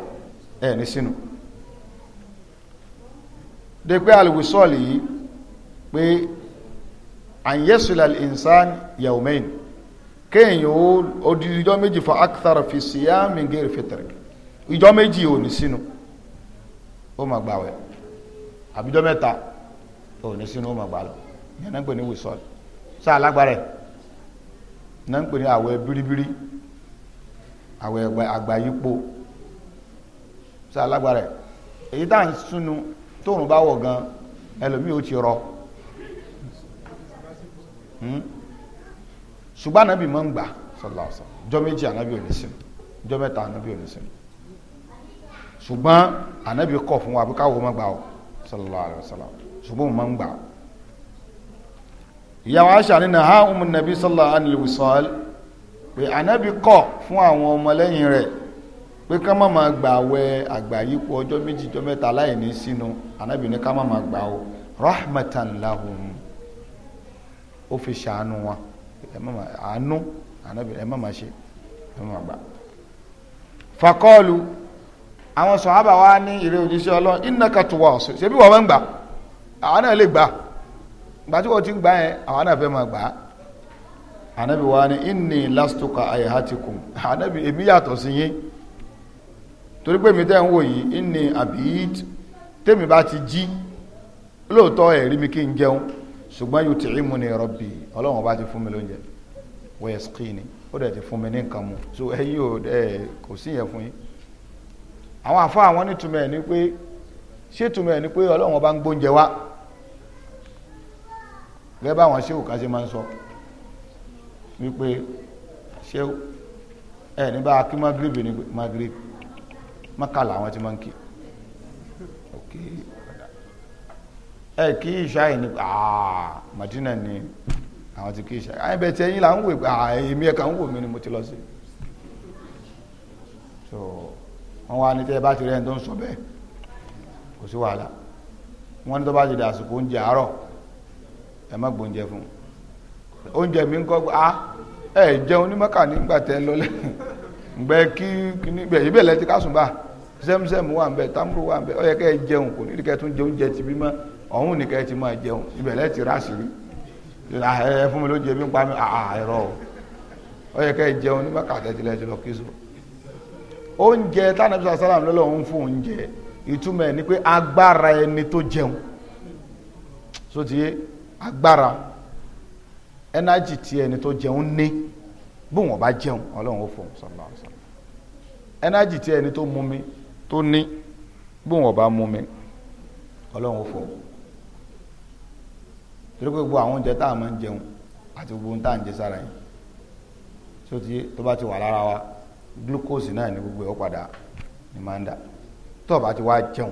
ẹ̀ ní sínú de pé alùwìsọ́ọ̀lì yìí pé àyẹ́sùlẹ̀ ìnsán yawmain kéèyàn ó odidi ijọ́ méjì fa akthar fi siyami gẹ́rẹ́ fitr ijọ́ méjì ò ní sínú ó mà gbà wẹ̀ àbíjọ́ mẹ́ta ò ní sínú ó mà gbà lọ yẹn náà ń pè ní wisọ́ọ̀lù sáà lágbára ẹ̀ náà ń pè ní àwẹ̀ bíríbírí àwẹ̀ àgbáyípo sáà lágbára ẹ̀ èyí tá à ń sunu tóun bá wọ̀ gan ẹlòmíì ó ti rọ Hmm? ṣùgbọ́n ànábì máa ń gbà sọlọ́sọ jọ méjì ànábì ò ní sìn jọ mẹ́ta ànábì ò ní sìn ṣùgbọ́n ànábì kọ̀ fún wa bí káwọ́ máa gbà ọ́ sallallahu alaihi wasallam ṣùgbọ́n ma ń gbà ìyàwó aṣà nínú ha umu nabi sallallahu alaihi wasallam pé anábi kọ̀ fún àwọn ọmọlẹ́yìn rẹ̀ pé ká má ma gbà wẹ àgbàyípo ọjọ́ méjì ọjọ́ mẹ́ta láì ní sínú anábi ní ká má ma gbà o rahmatan lahum ó fi ṣàánú wọn àánú ẹ má má ṣe ẹ má gbà. fakọ́ọ̀lù àwọn sọ̀hábà wa ní ìrẹ́ òjíṣẹ́ ọlọ́run innaka tuwasil ṣebí wọ́n máa ń gbà àwọn náà lè gbà gbà tí wọ́n ti ń gbà yẹn àwọn náà fẹ́ máa gbà á wa ni inni lastuka ayahatikum anabi èmi yàtọ̀ sí yín torí pé mi tẹ́ ń wò yìí inni abid tèmi bá ti jí lóòótọ́ ẹ̀rí mi kí n jẹun ṣùgbọ́n yóò ti ìmú ni rọ́bì ọlọ́run bá ti fún mi lóúnjẹ wọ́n yẹ skini ó dẹ̀ ti fún mi ní nǹkan mu so ẹ yí o ẹ kò sí yẹn fún yín àwọn àfa àwọn nítumẹ̀ ni pé ṣé ìtumẹ̀ ni pé ọlọ́run bá ń gbóúnjẹ wá gẹ́gẹ́ bá àwọn ṣéwù káṣe máa ń sọ wípé ṣéwù ẹ ní bá kí magrib ní magrib mọ́kàlá àwọn ti máa ń kí okay ẹ kí ìṣáì ní aaa Madina ni àwọn ti kí ìṣáì àyìn bẹ̀tẹ̀ yín là ń wò àà èmi ẹ̀ka ń wò mí ni mo ti lọ sí so wọ́n wá ní tẹ́ bá ti rẹ̀ ẹni tó ń sọ bẹ́ẹ̀ kò sí wàhálà ní tó bá ti dà àsìkò oúnjẹ ẹ má gbóúnjẹ fún mi ń a ẹ jẹun ní mọ́kà nígbà tẹ lọ́lẹ̀ gbẹ kí kíní gbẹ yìí bẹ̀ ká sùn bá wà ń ọ̀hún nìkẹ́ ti máa jẹun ibẹ̀lẹ́ ti rà sí rí ẹ fún mi ló jẹ bí ń pa mi àìrọ o ó yẹ ká ẹ jẹun nígbà kàtẹ́ tilẹ̀ lọ kí so oúnjẹ tánàbí sàlám lọ́lọ́ ń fún oúnjẹ ìtumọ̀ ẹ̀ ni pé agbára ẹni tó jẹun so ti yé agbára ẹnájì tí ẹni tó jẹun ní bí wọn bá jẹun ọlọ́run ó fún un sọlá ọ̀sán ẹnájì tí ẹni tó mumi tó ní bí wọn bá mumi ọlọ́run ó fún un torí pé gbogbo àwọn oúnjẹ tá a máa ń jẹun àti gbogbo ohun tá à ń jẹ sára yìí tí ó ti tó bá ti wà lára wa glucose náà ni gbogbo ẹ̀ ó padà ní máa ń dà tó o bá ti wá jẹun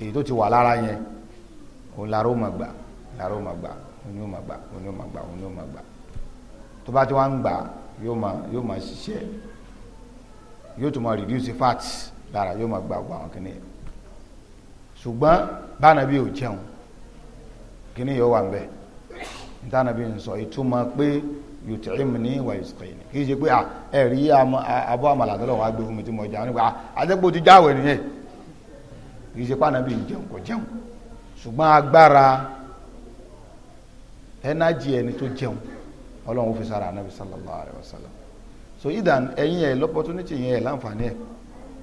èyí tó ti wà lára yẹn òun lára ó máa gbà lára ó máa gbà òun yóò máa gbà òun yóò máa gbà òun yóò máa gbà tó bá ti wá ń gbà yóò máa yóò máa ṣiṣẹ́ yóò tún máa reduce fat lára yóò máa gbà gbà àwọn kìnìyàn ṣùgbọ́n bánabi ò jẹun kíní yóò wà ń bẹ ìtànàbí ń sọ ìtumọ̀ pé yut'imni wa yusqini kì í ṣe pé ẹ rí abọ́ àmàlà tó lọ́wọ́ agbè fún mi tí mo jẹun nípa àdẹ́gbò ti jáwèé nìyẹn kì í ṣe pàànàbí ń jẹun kò jẹun ṣùgbọ́n agbára ẹnájì ẹni tó jẹun ọlọ́run fi sára anabi sallallahu alayhi wa sallam so idan ẹ̀yin ẹ̀ lọ́pọ̀tunítì yẹn ẹ̀ láǹfààní ẹ̀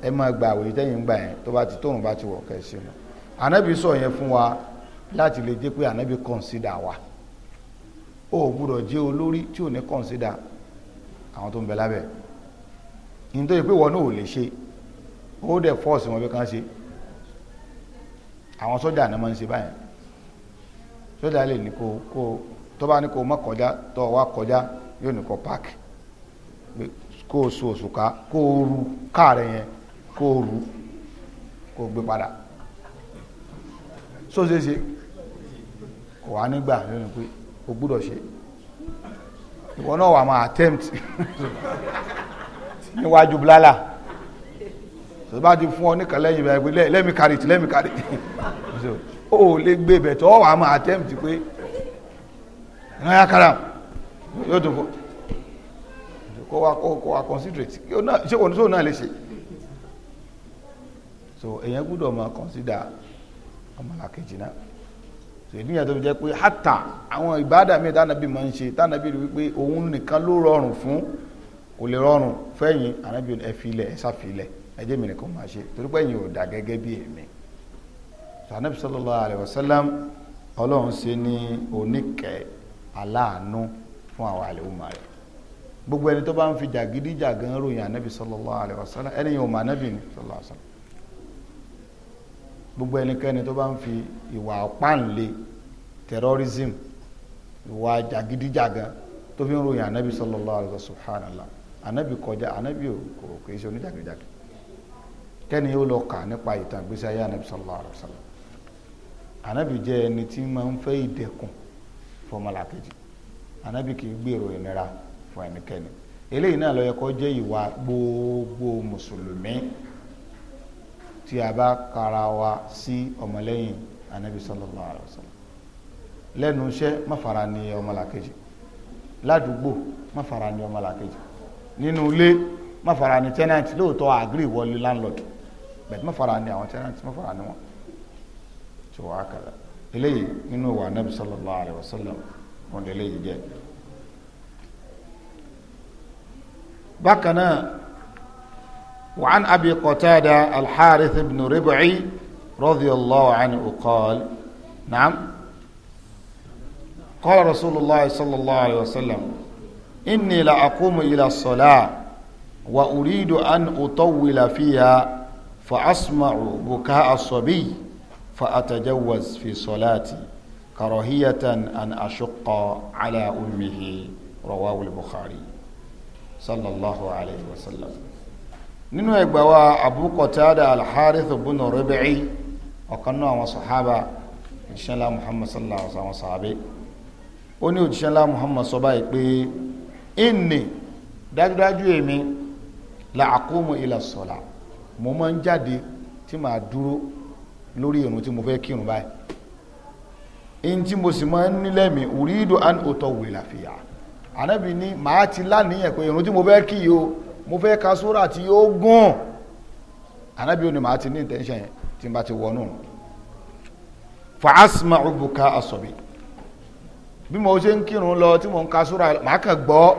ẹ máa gba àwòyí tẹ́yìn gbà yẹn tó bá ti tóun ti wọ̀ kẹ́ ẹ anabi sọ yẹn fún wa láti lè jẹ́ pé ànábì consider wa ó gbúdọ̀ jẹ́ olórí tí ò ní consider àwọn tó ń bẹ lábẹ́ nítorí pé wọn náà ò lè ṣe ó dẹ̀ force wọn bí kan ṣe àwọn sọ́jà náà máa ń ṣe báyìí sọ́jà lè ní kó kó tó bá ní kó má kọjá tó wá kọjá yóò ní kó park kó o so òṣùká kó o ru káàrẹ̀ yẹn kó ru kó o gbé padà sóṣèṣe. So, wà nígbà lónìí pé o gbúdọ̀ ṣe ìwọ náà wà máa attempt níwájú blala tó fún ọ nìkan lẹ́yìn bẹ́ẹ̀ pé let me carry it let me carry it o ò lè gbé ibẹ̀ tó wà máa attempt pé ìran ya kára yóò tó fọ kó wa kó kó wa considerate ṣé kò ní náà lè ṣe so èèyàn gbúdọ̀ máa consider ọmọlàkejì náà ṣèdí yẹn tó fi jẹ́ pé hàtà àwọn ìbáàdà míì tánàbí máa ń ṣe tánàbí rí wípé òun nìkan ló rọrùn fún kò lè rọrùn fẹ́yìn ànábì ẹ filẹ̀ ẹ sàfilẹ̀ ẹjẹ́ mi nìkan máa ṣe torí pé ẹ̀yin ò dà gẹ́gẹ́ bí èmi sànàbí sallallahu alaihi wasallam ọlọ́run ṣe ní oníkẹ́ aláàánú fún àwọn àlèhùnmá rẹ̀ gbogbo ẹni tó bá ń fi jàgídíjàgan ròyìn ànábì sallallahu alaihi wasallam ẹni yóò mọ ànábì sallallahu alaihi wasallam gbogbo ẹnikẹ́ni tó bá ń fi ìwà pàǹlẹ terrorism ìwà jàgídíjàgan tó fi ń ròyìn anabi sallallahu alaihi wa subhanallah anabi kọjá anabi kò kò ṣe oníjàgídíjàgan kẹ́ni yóò lọ kà nípa ìtàn ìgbésí ayé anabi sallallahu alaihi wa sallam anabi jẹ́ ẹni tí máa ń fẹ́ ìdẹ̀kùn fọmọlàkejì anabi kì í gbèrò ìnira fún ẹnikẹ́ni eléyìí náà ló yẹ kó jẹ́ ìwà gbogbo mùsùlùmí tí a bá kara wa sí ọmọlẹ́yìn anabi sallallahu alayhi wa sallam lẹ́nu iṣẹ́ má fara ní ọmọlàkejì ládùúgbò má fara ní ọmọlàkejì nínú ilé má fara ní tẹ́nàntì lóòótọ́ àgírí ìwọlé láńlọ́dù bẹ́ẹ̀ má fara ní àwọn tẹ́nàntì má fara ní wọn tó wàá kàlà eléyìí nínú ìwà anabi sallallahu alayhi wa sallam wọn lè léyìí jẹ bákan náà وعن أبي قتادة الحارث بن ربعي رضي الله عنه قال نعم قال رسول الله صلى الله عليه وسلم إني لأقوم إلى الصلاة وأريد أن أطول فيها فأسمع بكاء الصبي فأتجوز في صلاتي كراهية أن أشق على أمه رواه البخاري صلى الله عليه وسلم nínú ẹgbà wa Abu Qatada al-Harith ibn Rabi'i ọ̀kan náà àwọn sàhábà òjíṣẹ́ ńlá Muhammad sallallahu alaihi wa sallam ó ní òjíṣẹ́ ńlá Muhammad sọ báyìí pé inni dájúdájú èmi la aqumu ila salat mo máa ń jáde tí màá dúró lórí ìrun tí mo fẹ́ kírun báyìí in tí mo sì máa ń nílẹ̀ uridu an utawwila fiya ànábì ní màá ti láníyàn pé ìrun tí mo fẹ́ kí yìí mo fẹ́ ka súrà tí yóò gùn anábì ó ní ti ní intention tí n bá ti wọnú fa asma ubuka asobi. bí mo ṣe ń kírun lọ tí mo ń ka súrà màá kàn gbọ́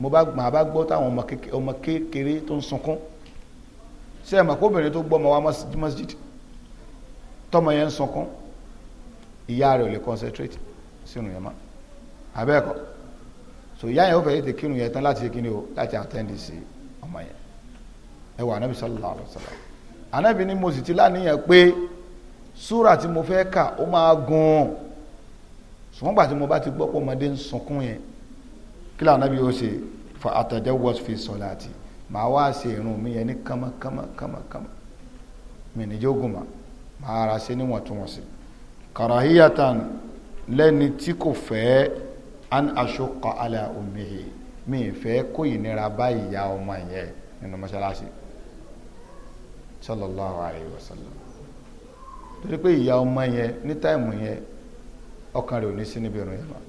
mo bá màá bá gbọ́ táwọn ọmọ kékeré tó ń sunkún ṣé ẹ mọ̀ kó obìnrin tó gbọ́ ọmọ wa masjid tọmọ yẹn ń sunkún ìyá rẹ̀ ò lè concentrate sínú yẹn mọ́ abẹ́ẹ̀kọ́ so ìyá yẹn ó fẹ́ tètè kírun yẹn tán láti ṣe kíni o láti àtẹ́ndì sí ọmọ yẹn ẹ wà anábì sallallahu alaihi wasallam anábì ni mo sì ti láníyàn pé súrà tí mo fẹ́ kà ó máa gùn ṣùgbọ́n gbà tí mo bá ti gbọ́ pé ọmọdé ń sunkún yẹn kí làwọn anábì yóò ṣe fa atajawwaz fi salati màá wá ṣe irun mi kama kama kama mi ní jógun ma màá ara ṣe níwọ̀ntúnwọ̀nsì kàràhíyàtàn ni tí kò fẹ́ẹ́ an ashoqa ala ummihi mi fẹ́ kó ìnira bá ìyá ọmọ yẹn nínú mọ́ṣáláṣí sallallahu alayhi wa sallam torí pé ìyá ọmọ yẹn ní táìmù yẹn ọkàn rẹ̀ ò ní sí níbi ìrun yẹn mọ́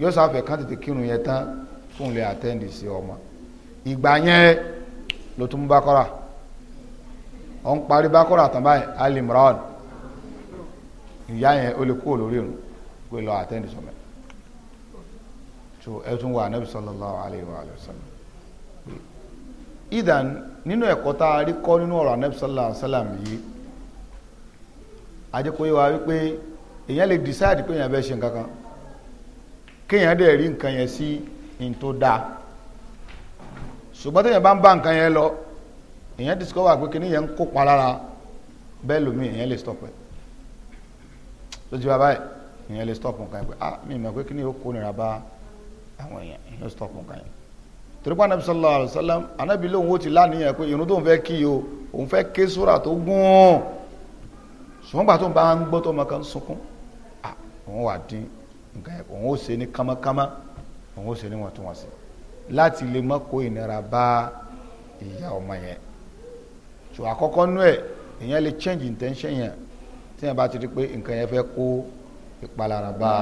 yóò sáfẹ́ kán tètè kírun yẹn tán fún ilé àtẹ́ǹdì sí ọmọ ìgbà yẹn ló tún mú bákọ́ra ọ ń parí bákọ́ra tán báyìí alimran ìyá yẹn ó lè kúrò lórí ìrun pé lọ àtẹ́ǹdì sọmọ so ẹ tún wà anabi sallallahu alayhi wa sallam idan nínú ekota tá a rí kọ́ nínú ọ̀rọ̀ anabi sallallahu alayhi wa sallam yìí wa wípé èèyàn lè decide pé èèyàn bẹ́ẹ̀ ṣe nǹkan kan kéèyàn dẹ̀ rí nǹkan yẹn sí in tó dáa ṣùgbọ́n téèyàn bá ń bá nǹkan yẹn lọ èèyàn discover pé kíní yẹn ń kópa lára bẹ́ẹ̀ lómi èèyàn lè stop ẹ̀ lójú bàbá ẹ̀ èèyàn lè stop nǹkan ẹ̀ pé ah, àwọn èèyàn yóò stop nǹkan yẹn torípa anabi sallallahu alayhi wa sallam anabi lóun ó ti láníyàn pé irun tó ń fẹ́ kí o òun fẹ́ ké sóra tó gún ṣùgbọ́n gbà tó ń bá ń gbọ́ tó ọmọ kan sunkún òun wà dín nǹkan yẹn òun ó ṣe ní kámákámá òun ó ṣe ní wọ̀ntúnwọ̀nsì láti lè má kó ìnira bá ìyá ọmọ yẹn so àkọ́kọ́ nú ẹ̀ èèyàn lè change intention yẹn tí yẹn bá ti rí pé nǹkan yẹn fẹ́ kó ìpalára bá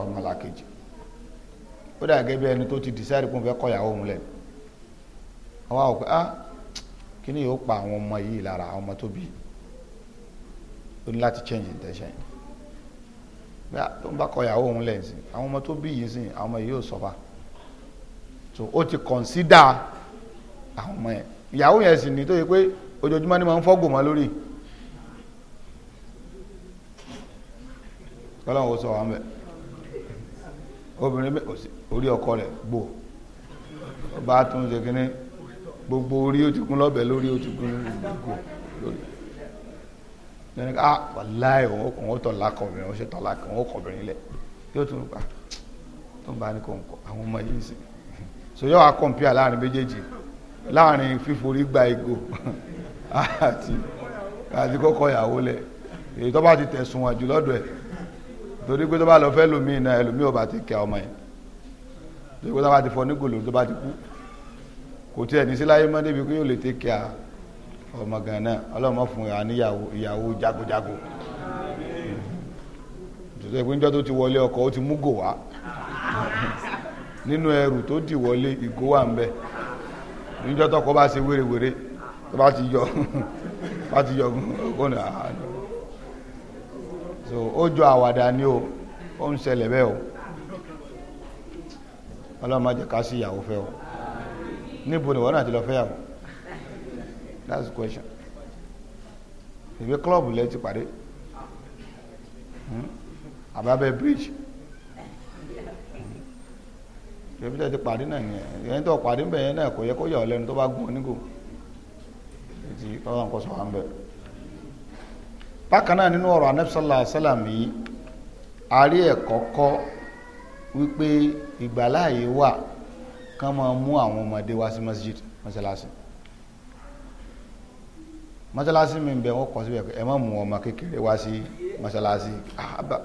ọmọlàkejì ó dà gẹ́gẹ́ bí ẹni tó ti decide kó fẹ́ kọ ìyàwó òun lẹ̀ ọwọ́ àwọn pé ah kí ni yóò pa àwọn ọmọ yìí lára àwọn ọmọ tó bí ó ní láti change intention bí ah, ó ń bá kọ ìyàwó òun lẹ̀ sí àwọn ọmọ tó bí yìí sí àwọn ọmọ yìí yóò sọ́fà so ó ti consider àwọn ọmọ yẹn ìyàwó yẹn sì ní tó yẹ pé ojoojúmọ́ ni máa ń fọ́gbò mọ́ lórí kọ́lọ́hún ó sọ wọn bẹ́ẹ̀ obìnrin bẹ́ẹ̀ kò sí orí ọkọ rẹ̀ gbò ọba tún ṣe kínní gbogbo orí ó ti kún lọ́bẹ̀ lórí ó ti kún gbogbo lórí lẹ́nu ká wàláì òun ó tọ̀lá kọ̀ọ̀bìnrin ó ṣe tọ̀lá òun ó kọ̀ọ̀bìnrin lẹ̀ yóò tún pa tó ń bá ní kò ń kọ àwọn ọmọ yìí sí so yóò wá kọ̀ǹpìà láàrin méjèèjì láàrin fíforí gba ìgò àti àti kọ́kọ́ ìyàwó lẹ̀ èyí tó bá ti tẹ̀sùn wọn jù lọ́dọ̀ ẹ̀ torí pé tó bá lọ fẹ́ lómi iná ẹlòmíì ò bá ti kẹ́ ọmọ yẹn tó kó sábà ti fọ ní gòlò tó bá ti kú kò tiẹ̀ ní síláyé mọ́ débi pé yóò lè ọmọ gan náà ọlọ́mọ fún ìyá níyàwó ìyàwó jagojago tòtò ìpínjọ́ tó ti wọlé ọkọ̀ ó ti mú gò wá nínú ẹrù tó ti wọlé ìgò wà ń bẹ tọkọ bá ṣe wérewère tó bá ti yọ bá ti yọ ó ah, jọ àwàdà ni ó ń ṣẹlẹ̀ o. ọlọ́run má jẹ́ ká sí ìyàwó fẹ́ o níbo ni wọ́n náà ti lọ fẹ́yàwó that's the question ìwé club lẹ́ ti pàdé hmm? àbábẹ́ bridge ìwé hmm? tẹ́ ti pàdé náà yẹn ẹni tó pàdé ń bẹ̀ yẹn náà kò yẹ kó yà ọ́ lẹ́nu tó bá gún ọ nígò ètí ọlọ́run kò sọ wá ń bẹ̀. bákan náà nínú ọ̀rọ̀ anẹ́bísọ́lá yìí a rí ẹ̀kọ́ kọ́ wípé ìgbàláàyè wà kán máa mú àwọn ọmọdé wá sí masjid mọ́sálásí mọ́sálásí mi bẹ̀ wọ́n kọ́ síbẹ̀ ẹ má mú ọmọ kékeré wá sí mọ́sálásí àbá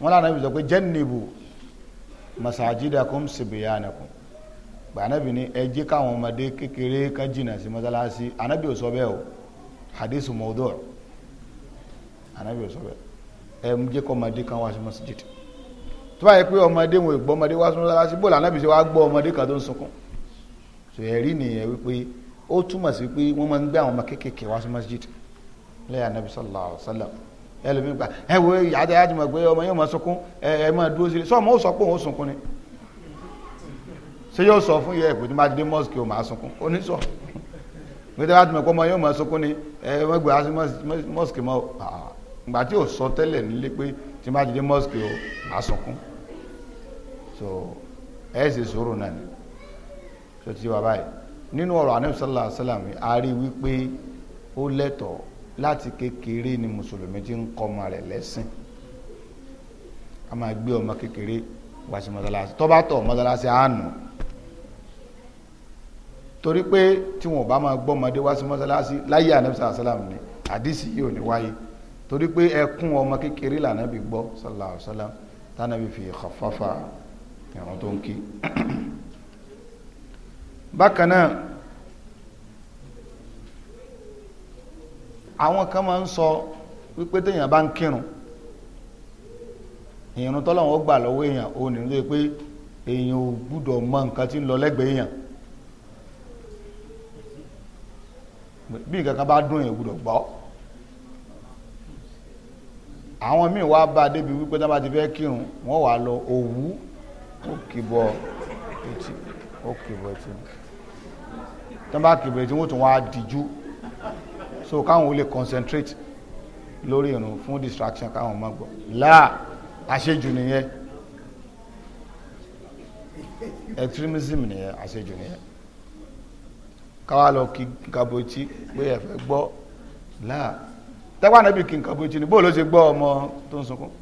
wọn lànà ibi sọ pé jẹ́nìbù masajidakum sibiyanakum gbànàbì ni ẹ jẹ́ káwọn ọmọdé kékeré ká jìnnà sí mọ́sálásí anábì ò sọ bẹ́ẹ̀ o hadithu mawdu' anábì ò sọ bẹ́ẹ̀ ẹ jẹ́ kọ́ ọmọdé kan wá sí masjid tó bá yẹ pé ọmọdé wọn ìgbọ́ ọmọdé wá sún lọ́la sí bóòlù anábì ṣe wá gbọ́ ọmọdé kan tó ń sunkún so ẹ̀rí nìyẹn wípé ó túmọ̀ sí pé wọ́n máa ń gbé àwọn ọmọ kéékèèké wá sí masjid lẹ́yìn anábì sallallahu alaihi wasallam ẹlòmíì gbà ẹ wo yàtọ̀ yàtọ̀ mọ̀ pé ọmọ yóò máa sunkún ẹ ẹ máa dúró sílé sọ́ọ̀mọ́ ó sọ pé òun sunkún ni ṣé yóò sọ fún yẹ ẹ̀kú tí dé mọ́sìkì ó máa bá ti mọ̀ pé ọmọ so ẹ ṣe náà ni so ti wà báyìí nínú ọ̀rọ̀ anabi sallallahu alayhi wa sallam a rí wípé ó lẹ́tọ̀ọ́ láti kékeré ni mùsùlùmí ti ń kọ́ ọmọ rẹ̀ lẹ́sìn a máa gbé ọmọ kékeré wá sí mọ́sálásí tó bá tọ̀ mọ́sálásí àánú torí pé tí wọn bá máa gbọ́ ọmọdé wá sí mọ́sálásí láyé anabi sallallahu alayhi wa sallam ni àdìsí yìí ò ní wáyé torí pé ẹkún ọmọ kékeré lànà bí gbọ́ sallallahu alayhi wa sallam tánàbí fi khaffafa. ìrun tó ń kí bákan náà àwọn kan máa ń sọ wípé téèyàn bá ń kírun ìrun tọ́lọ́wọ́n ó gbà lọ́wọ́ èèyàn ó pé èèyàn ò gbúdọ̀ mọ nǹkan tí ń lọ lẹ́gbẹ̀ẹ́ èèyàn bí nǹkan bá dún èèyàn gbúdọ̀ gbọ́ kìbọ̀ etí ó kìbọ̀ etí tí wọ́n bá kìbọ̀ etí wọ́n tún wá dìjú so káwọn ò lè concentrate lórí ìrun fún distraction káwọn má gbọ́ láà àṣejù nìyẹn extremism nìyẹn àṣejù nìyẹn káwa lọ kí kabo etí pé ẹ fẹ́ gbọ́ láà tẹ́gbà níbi kí n kabo etí ni bóòlù ó ṣe gbọ́ ọmọ tó ń sunkún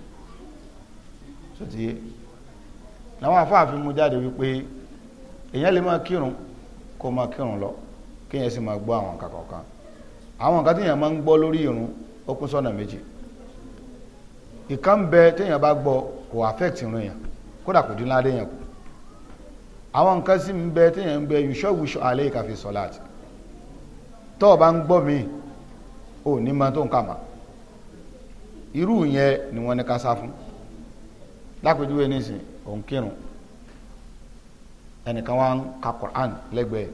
so ti yé làwọn afáàfin mú jáde wípé èèyàn lè máa kírun kó máa kírun lọ kéèyàn sì máa gbọ́ àwọn nǹkan kọ̀ọ̀kan àwọn nǹkan téèyàn máa ń gbọ́ lórí irun ó kún sọ́nà méjì ìkan ń bẹ téèyàn bá gbọ́ kò affect irun yẹn kódà kò dín ládé yẹn kù àwọn nǹkan sì ń bẹ téèyàn ń bẹ yùṣọ́wùṣọ́ alẹ́ ìkàfi sọ́láàtì tọ́ ọ bá ń gbọ́ mi ò ní máa tó ń mà irú yẹn ni wọ́n ní ká sá fún lápèjúwe nísìnyí òun kírun ẹnìkan wá ń ka Quran lẹ́gbẹ̀ẹ́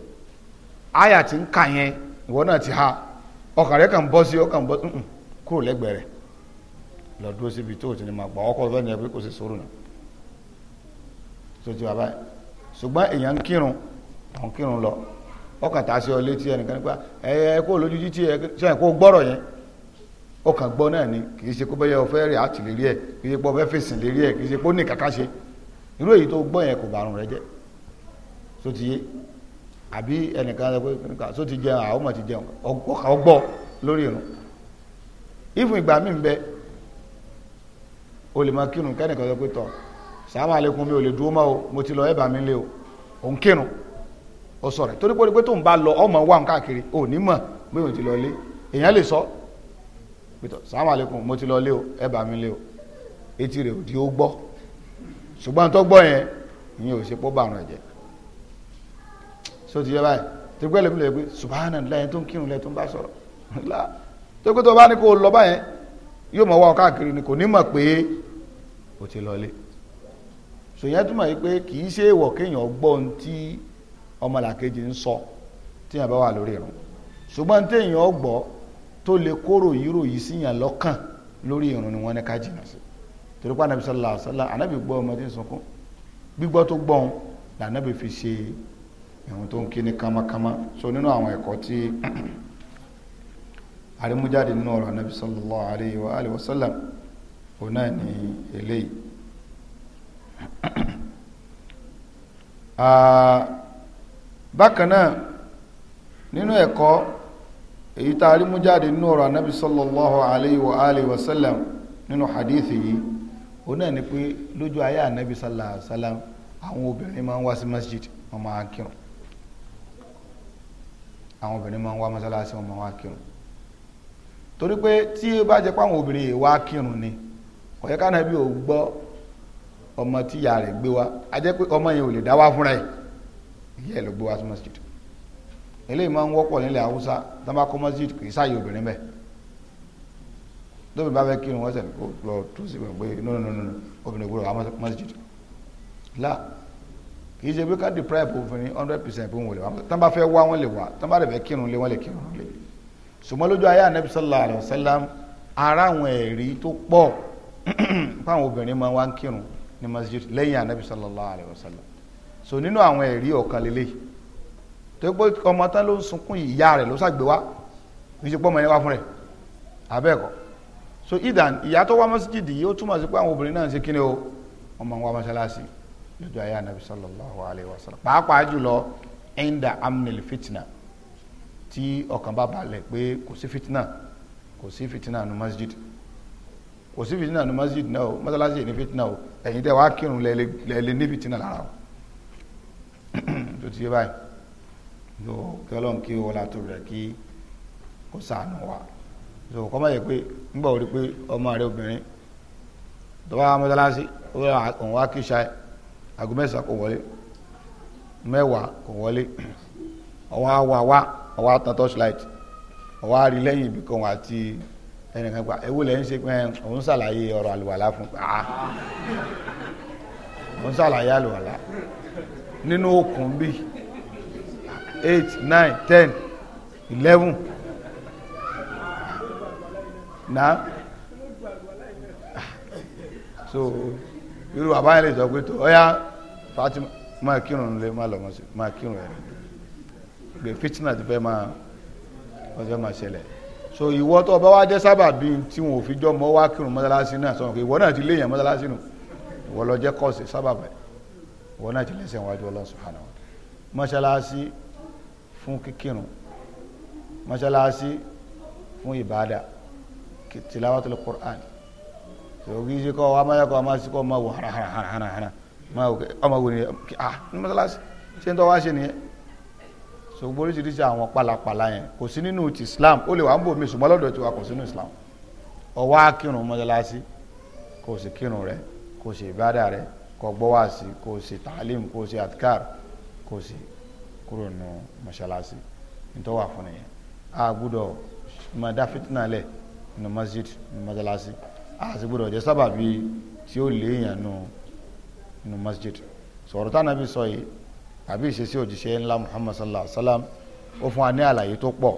àyà ń yẹn ti ha ọkàn rẹ kàn bọ́ sí ọkàn bọ́ kúrò lẹ́gbẹ̀ẹ́ lọ dúró síbi tó o ti ní ma gbà ni ẹ kò sí tó ti wà báyìí ṣùgbọ́n èèyàn ń kírun òun kírun lọ ọkàn tá a ṣe ọ létí ẹnìkan nípa ẹ ẹ kó lójú títí ẹ ṣe ẹ kó gbọ́rọ̀ yẹn ọkàn náà ni kì í ṣe kó irú èyí tó gbọ́ yẹn kò bàrùn rẹ jẹ́ so ti yé àbí ẹnìkan sọ pé so ti jẹun àwọn ọmọ ti jẹun ọgbọ́ lórí irun ìfún ìgbà mí bẹ o lè máa kírun kẹ́nìkan sọ pé tọ̀ sàmà àlékún mi ò lè dúró mọ́ o mo ti lọ ẹ̀bà mi lé o òun kírun ó sọ rẹ̀ torí pé tó ń bá lọ ọmọ wà ń káàkiri ò ní mọ̀ bí mo ti lọ lé èèyàn lè sọ sàmà àlékún mo ti lọ lé o ẹ̀bà mi lé o etí rẹ̀ ò di ó gbọ́ ṣùgbọ́n tó gbọ́ yẹn ìyẹn ò ṣe pọ́ bàrùn ẹ̀jẹ̀ sóti yẹ báyìí tó gbẹ́lẹ̀ mi lè gbé subhanallah yẹn tó ń kírun lẹ́ tó ń bá sọ̀rọ̀ ńlá tó gbé tó bá ní kó lọ báyẹn yóò mọ̀ wá ọ káàkiri ni kò ní mọ̀ pé o ti lọlé sòyìn túmọ̀ yìí pé kì í ṣe èèwọ̀ kéèyàn gbọ́ ohun tí ọmọlàkejì ń sọ téèyàn bá wà lórí irun ṣùgbọ́n téèyàn gbọ́ tó lè kóró síyàn lọ́kàn lórí irun ni wọ́n ní ká jìnnà sí torí pa anabi sallallahu alaihi wasallam anabi gbọ́ ọmọ tí ń sunkún gbígbọ́ tó gbọ́n lànàbì fi ṣe ìrun tó ń kí ní kámákámá so nínú àwọn ẹ̀kọ́ tí àrímújáde nínú ọ̀rọ̀ anabi sallallahu alaihi wa alihi wasallam òun náà ní eléyìí bákan náà nínú ẹ̀kọ́ èyí tá àrímújáde nínú ọ̀rọ̀ anabi sallallahu alaihi wa alihi wasallam nínú hadithi yìí òun náà ni pé lójú ayé ànábi sallallahu alayhi wa àwọn obìnrin máa ń wá sí masjid wọn máa kírun àwọn obìnrin máa ń wá mọ́sálásí wọn máa wá kírun torí pé tí ó bá jẹ́ pé àwọn obìnrin yìí wá kírun ni kò yẹ kánà bí ò gbọ́ ọmọ tí ìyá rẹ̀ gbé wá a jẹ́ pé ọmọ yẹn ò lè dá wá fúnra ẹ̀ ìyá ẹ̀ ló gbé wá sí masjid eléyìí máa ń wọ́pọ̀ nílẹ̀ haúsá tábà kọ́ masjid kì í sáàyè obìnrin bẹ́ẹ̀ tóbi bá fẹ́ kírun wọ́n sẹ̀ kó lọ tó sí pé nínú obìnrin gbọ́dọ̀ àwọn masjid la kì í ṣe pé ká deprive obìnrin hundred percent pé wọ́n lè wá tán bá fẹ́ wá wọ́n lè wá tán bá lè fẹ́ kírun lé wọ́n lè kírun lé ṣùgbọ́n anabi sallallahu alayhi wa sallam ara àwọn ẹ̀rí tó pọ̀ fáwọn obìnrin wa wá ń kírun ní masjid lẹ́yìn anabi sallallahu alayhi wa sallam so nínú àwọn ẹ̀rí ọ̀kan lélẹ́yìí tó pé ọmọ tán ló ń sunkún ìyá rẹ̀ ló ṣàgbé wá kì í yẹn wá fún rẹ̀ abẹ́ẹ̀kọ́ so idan ìyá tó wá mọ́síjìdì yìí ó túmọ̀ sí pé àwọn obìnrin náà ń ṣe kíni o wọ́n máa mọ́ṣáláṣí lójú ayé anabi sallallahu alayhi wa sallam pàápàá jùlọ ẹ̀ńdà amnil fitna tí ọkàn bá balẹ̀ pé kò sí fitna kò sí fitna nu masjid kò sí fitna nu masjid náà o mọ́ṣáláṣí yìí ní fitna o ẹ̀yin tẹ́ wá kírun lẹ́ẹ̀lẹ́ ní fitna lára o tó ti yé báyìí yóò kí ọlọ́run kí wọ́n látò rẹ̀ kí kó ṣàánú wa. so kọ́ má yẹ pé ń bọ̀ rí pé ọmọ rẹ obìnrin tọ́ba mọ́sálásí ó rà òun wá kí ṣáì mẹ́sàn kò wọlé mẹ́wàá kò wọlé ọwọ́ àwa wá ọwọ́ àtàn torchlight ọwọ́ àrí lẹ́yìn ibì kan àti ẹnìkan pa ewu lẹ́yìn ṣe pé òun ṣàlàyé ọ̀rọ̀ àlùwàlá fún pa ah, òun ṣàlàyé àlùwàlá nínú okùn bíi eight nine ten eleven. Na, so irú bàbá yẹn lè sọ pé tó ọyá Fatima máa kírun lé máa lọ máa kírun ẹ gbé fitina ti fẹ́ máa ọjọ́ máa ṣẹlẹ̀ so ìwọ tó bá wá jẹ́ sábà bí tí wọn ò fi jọ mọ́ wá kírun mọ́sálásí náà sọ̀rọ̀ pé ìwọ náà ti léèyàn mọ́sálásí nù ìwọ lọ jẹ́ kọ́ọ̀sì sábà bẹ̀ ìwọ náà ti lẹ́sẹ̀ wájú Ọlọ́run subhanahu mọ́sálásí fún kíkírun mọ́sálásí fún ìbádà tilawatul Qur'an ògì ṣe ko amáyà kọ́ amásí kọ́ ọmọ hana hànàhànàhànà ọmọ wò nìyẹn ah ní mọ́sálásí ṣé ń tọ́ wá ṣe nìyẹn so oríṣiríṣi àwọn pálapàla yẹn kò sí nínú ti Islam ó lè wà ń bò mí ṣùgbọ́n lọ́dọ̀ tiwa kò sí nínú Islam ọwọ́ akírun mọ́sálásí Ko si kírun rẹ̀ Ko si ìbádà rẹ̀ Ko gbọ́ wá sí kò sí taalim kò sí adkar Ko si kúrò nínú mọ́sálásí ní tọ́wà fún nìyẹn a gbúdọ̀ máa dá fitinà lẹ̀ nínú masjid nínú masalasi àti gbọ́dọ̀ jẹ́ sábàbí tí ó léèyàn nù nínú masjid sọ̀rọ̀ tá nàbí sọ yìí àbí ìṣesí òjíṣẹ́ ńlá muhammad sallallahu alaihi wa sallam ó fún wa ní àlàyé tó pọ̀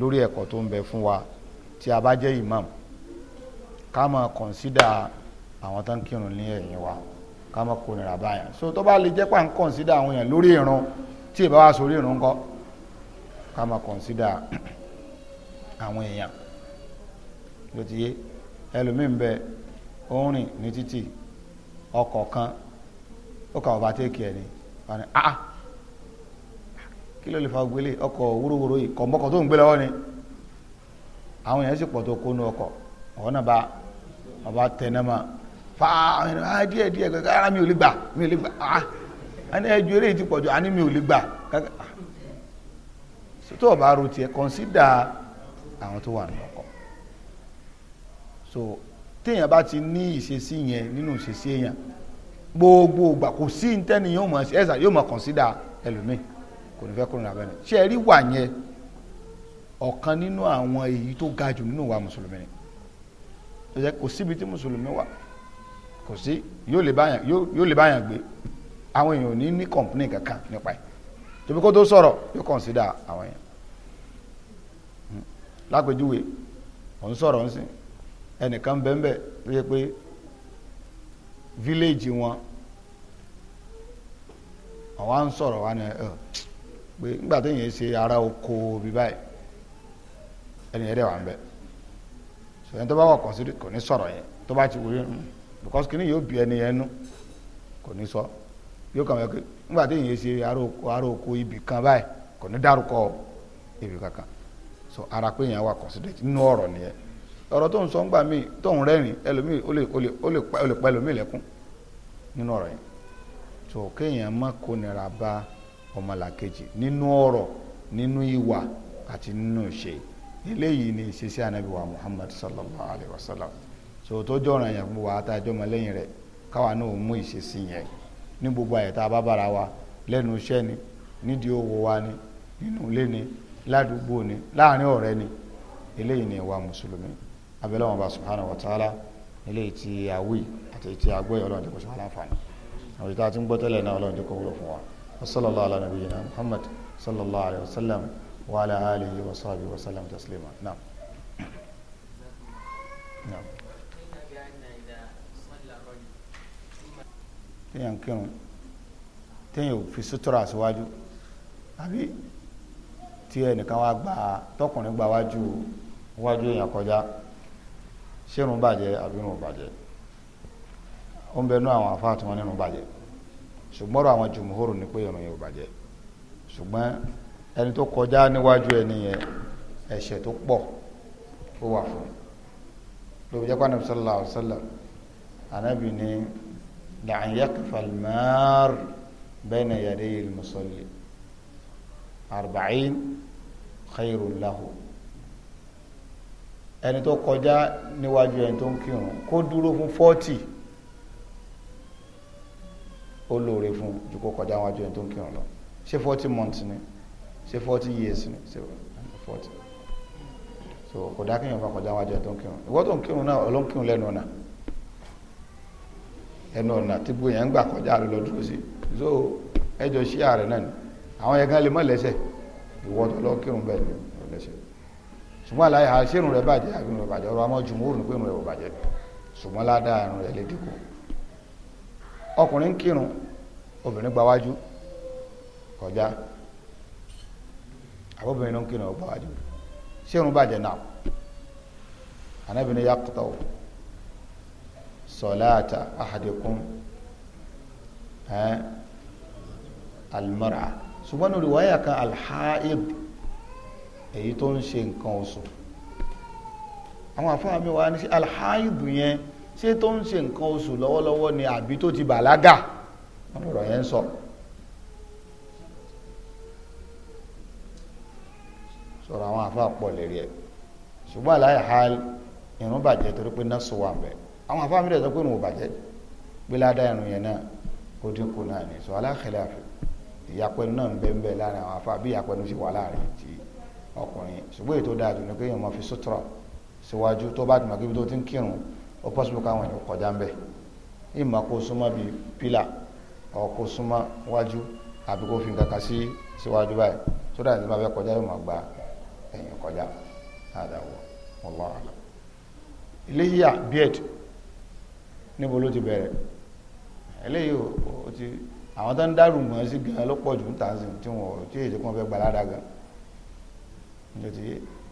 lórí ẹ̀kọ́ tó ń bẹ fún wa tí a bá jẹ́ imam ká máa kọ̀nsídà àwọn tó ń kírun ní ẹ̀yìn wa ká máa kó nira báyà so tó bá lè jẹ́ pà ń kọ̀nsídà àwọn èèyàn lórí ìrun tí ì bá wá sórí ìrun ńkọ́ ká máa kọ̀nsídà àwọn èèyàn ló ti yé ẹlòmíì ń bẹ ó ní títì ọkọ̀ kan ó kà ọba tẹ́ẹ̀kì ẹ̀ ni wà ní ah, ah kí ló lè fa gbélé ọkọ̀ wúrowúro yìí kọ̀mọ́kọ̀ tó ń gbé lọ́wọ́ ni àwọn èèyàn sì pọ̀ tó kó nu ọkọ̀ ọ̀hún náà bá ọba tẹnama fa àwọn ah, èèyàn díẹ̀ díẹ̀ kẹ́kẹ́ ara mi ò lè gbà mi ò lè gbà ah ẹni ẹjọ́ eré yìí ti pọ̀ jù àní mi ò lè gbà kẹ́kẹ́ tó o bá tiẹ̀ consider àwọn tó wà nù so téèyàn bá ti ní ìṣesí yẹn nínú ìṣesí èèyàn gbogbo ìgbà kò sí ntẹ́ni yóò mọ̀ ẹ̀sà yóò mọ̀ consider ẹlòmíì kò ní fẹ́ kúrò lábẹ́ rẹ̀ ṣé ẹ rí wà yẹn ọ̀kan nínú àwọn èyí tó ga jù nínú wa mùsùlùmí ni kò síbi tí mùsùlùmí wà kò sí yóò lè báyàn gbé àwọn èèyàn ò ní ní complain kankan nípa ẹ̀ tóbi kó tó sọ̀rọ̀ yóò consider àwọn èèyàn hmm. lápèjúwe ò ń sọ̀rọ̀ ń sìn ẹnìkan bẹ́ẹ̀nbẹ́ tó yẹ pé fíléèjì wọn àwa ń sọ̀rọ̀ wa ni ẹ pé nígbà tó yẹn ṣe ara oko bí báyìí ẹni yẹn dẹ̀ wà ń bẹ̀ ṣùgbọ́n tó bá wà kọ̀ọ̀sì kò ní sọ̀rọ̀ yẹn tó bá ti wúlò hmm, because kìnìún yóò bí ẹni yẹn nú kò ní sọ yóò kàn wá pé nígbà tó yẹn ṣe ara oko ibì kan báyìí kò ní dárúkọ ibì kankan so ara pé ọ̀rọ̀ tó ń sọ ń gbà míì tó ń rẹ́rìn ẹlòmíì ó lè ó lè pa ẹlòmíì lẹ́kún nínú ọ̀rọ̀ yẹn tó kéèyàn má kó nira bá ọmọlàkejì nínú ọ̀rọ̀ nínú ìwà àti nínú ìṣe eléyìí ni ìṣesí anabi sallallahu alayhi wa sallam yẹn fún wa àtàjọ́ káwa náà mú ìṣesí yẹn ní gbogbo àyẹ̀tá abábára wa lẹ́nu iṣẹ́ ni nídìí owó ni nínú ilé ni ládùúgbò ni láàrin ọ̀rẹ́ ni eléyìí ni ìwà mùsùlùmí abẹ́lẹ́ wọn bá subhanahu wa ta'ala nílé tí a wí àti tí a gbọ́ ọlọ́run dẹ́kun sọ́kànlá àǹfààní àwọn ìta tí ń gbọ́ tẹ́lẹ̀ náà ọlọ́run dẹ́kun wúlò fún wa wa sallallahu ala nabiyyina muhammad sallallahu alayhi wa sallam wa ala alihi wa sahbihi wa sallam taslima naam. naam. kírun téèyàn fi sutura síwájú àbí tí ẹnìkan wá gba tọkùnrin gba wájú wájú èèyàn kọjá ṣé irun bàjẹ́ àbí irun bàjẹ́ ó ń bẹnu àwọn afá tí wọ́n ní irun bàjẹ́ ṣùgbọ́n ọ̀rọ̀ àwọn jùmùhóró ni pé irun yẹn ò bàjẹ́ ṣùgbọ́n ẹni tó kọjá níwájú ẹni yẹn ẹ̀ṣẹ̀ tó pọ̀ ó wà fún un lóbi jẹ́ pàdé sallallahu alaihi wasallam ní làǹyàkìfàl maar bayna yadayi al-musalli arba'in khairun lahu ẹni tó kọjá níwájú ẹni tó ń kírun kó dúró fún fọ́tì ó lóore fún ju kó kọjá níwájú ẹni tó ń kírun lọ ṣé forty months ni ṣé forty years ni ṣé forty so kò dá kéèyàn fa kọjá níwájú ẹni tó ń kírun ìwọ́n tó ń kírun náà ló ń kírun lẹ́nu ọ̀nà ẹnu ọ̀nà tí gbogbo yẹn ń gbà kọjá ló lọ dúró sí so ẹjọ ṣíà rẹ̀ náà ni àwọn yẹn gan lè mọ̀ lẹ́sẹ̀ ìwọ́n tó lọ kírun bẹ́ẹ̀ ni ṣùgbọ́n aláì ha ṣé irun rẹ̀ bàjẹ́ àbí irun rẹ̀ bàjẹ́ ọ̀rọ̀ àmọ́ jùmọ̀ òrùn pé irun rẹ̀ ò bàjẹ́ ṣùgbọ́n ládàá irun rẹ̀ lè dínkù ọkùnrin ń kírun obìnrin gba wájú kọjá àbọ̀bìnrin ló ń kírun ọgbà wájú ṣé irun bàjẹ́ náà anábìnrin yàtọ̀ sọláàtà ahadikum ẹ̀ almara ṣùgbọ́n olùwáyà kan alhaid èyí tó ń ṣe nǹkan oṣù àwọn àfáà mi wá ní sí alhaidu yẹn ṣé tó ń ṣe nǹkan oṣù lọ́wọ́lọ́wọ́ ni àbí tó ti bàlágà ọ̀rọ̀ yẹn ń sọ sọ̀rọ̀ àwọn àfáà pọ̀ lérí ẹ̀ ṣùgbọ́n àlàyé ha irun bàjẹ́ torí pé náà sọ wà bẹ́ẹ̀ àwọn àfáà mi rẹ̀ sọ pé irun ò bàjẹ́ pé ládá irun yẹn náà ó dínkù náà ni sọ aláxẹlẹ àfi ìyapẹnu náà ń bẹ láàrin àwọn àfáà bí ìyapẹnu ṣe wà láàrin tí ọkùnrin ṣùgbọ́n ètò dáa jù ní pé èèyàn máa fi sutura síwájú tó bá dùnmọ̀ kíbi tó ti ń kírun ó pọ́sibú káwọn èèyàn kọjá ń bẹ̀ ìmọ̀ kó súnmọ́ bíi pílà ọ̀ kó súnmọ́ wájú àbí kó fi nǹkan kan sí síwájú báyìí tó dáa ní bá fẹ́ kọjá yóò máa gba ẹ̀yìn kọjá àdáwọ̀ wallahu a'lam. iléyà beard níbo ló ti bẹ̀rẹ̀ eléyìí ó ti àwọn tó ń dárú mọ́ sí gan ló jù ń tàn sí tí wọn ò tí èyí wọ́n fẹ́ gbaládàá gan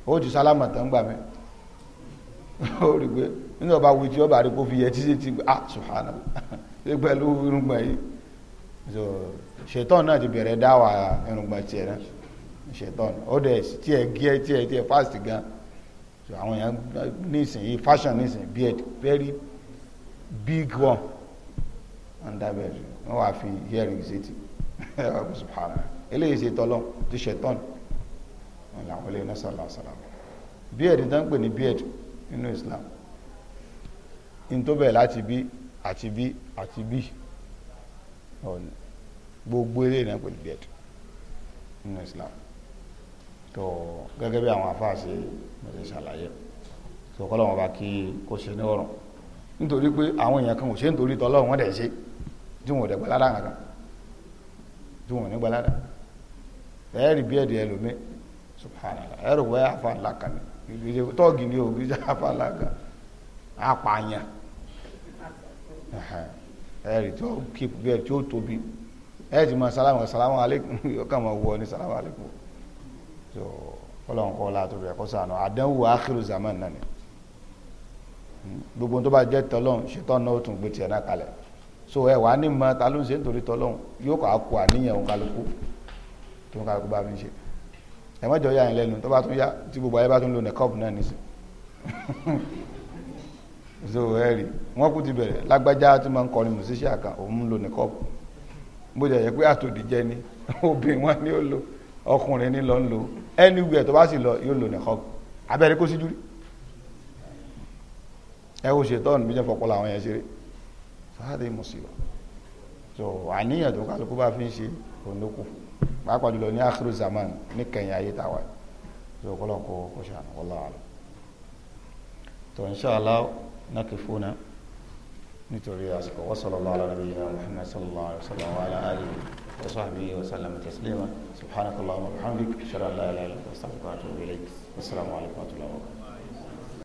ó ti sálámà tán gbà mí ó rí pé nínú ọba wí tí ọba rí kó fi yẹ títí ti gbà ṣùhánà ah, ṣe pẹ̀lú irungba yìí ṣètọ́n náà ti bẹ̀rẹ̀ dáwà irungba tiẹ̀ náà ṣètọ́n ó dẹ̀ tiẹ̀ gíẹ̀ tiẹ̀ tiẹ̀ fásitì gan so àwọn èèyàn nísìnyí fashion nísìnyí beard very big one underbelly wọ́n wá fi hearing sí ti ṣùhánà eléyìí ṣe tọ́lọ́ ti ṣètọ́n. làwọn ilé iná beard tó ń pè ní beard nínú Islam in tó bẹ̀rẹ̀ láti bí gbogbo ilé iná pè ní nínú Islam tó gẹ́gẹ́ bí àwọn àfáà ṣe ṣe ṣàlàyé tó kọ́ lọ́wọ́ bá kí kó ṣe ní ọ̀rọ̀ nítorí pé àwọn èèyàn kan ṣe nítorí dẹ̀ ṣe tí wọn ò subhanallah ẹrù wẹ́ àfàlà kan ní tọ́ọ̀gì ní òbí jẹ́ àfàlà kan Apanya? ẹ̀rì tí ó kíkù bí ẹ̀rì tí ó tóbi ẹ̀rì tí ma salamu salamu alaikum yóò kà máa wọ ní salamu alaikum so ọlọ́run kọ́ láti rẹ̀ kọ́ sànù àdánwò akhiru zaman nani. ni gbogbo tó bá jẹ́ tọ́lọ́n ṣetán náà ó tún gbé tiẹ̀ náà kalẹ̀ so ẹ wàá ní ma ta ló ń ṣe nítorí tọ́lọ́n yóò kọ́ àkó àníyàn òun kálukú tó ń kálukú bá mi ṣe ẹ mọ́jọ yà yín lẹ́nu tó bá tún yá tí gbogbo ayé bá tún lò ní cup náà nísìn so ẹ rí wọ́n kú ti bẹ̀rẹ̀ lágbájá tí máa ń kọrin musician kan òun lò ní cup bó jẹ́ pé àtòdì jẹ ni obìnrin wọn ni ó lo ọkùnrin ni lọ ń lo anywhere tó bá sì lọ yóò lò ní cup abẹ́rẹ́ kó síjú rí ẹ ó ṣe tọ́ọ̀nù bí jẹ́ fọpọ́lọ àwọn yẹn ṣeré so how they must see so àníyàn tó kálukú bá fi ń ṣe òun ló kù fún pàápàá jùlọ ní akhiru zaman ní kẹyìn ayé tàwa yóò kọ́ lọ́nkọ́ kó ṣàánú wallahu alam tó insha Allah nakifuna nítorí àsìkò wa sallallahu ala nabiyyina muhammad sallallahu alaihi wa sallam wa ala alihi wa sahbihi wa sallam taslima subhanakallahumma wa bihamdik ashhadu an la ilaha illa anta astaghfiruka wa atubu ilayk assalamu alaikum wa rahmatullahi wa barakatuh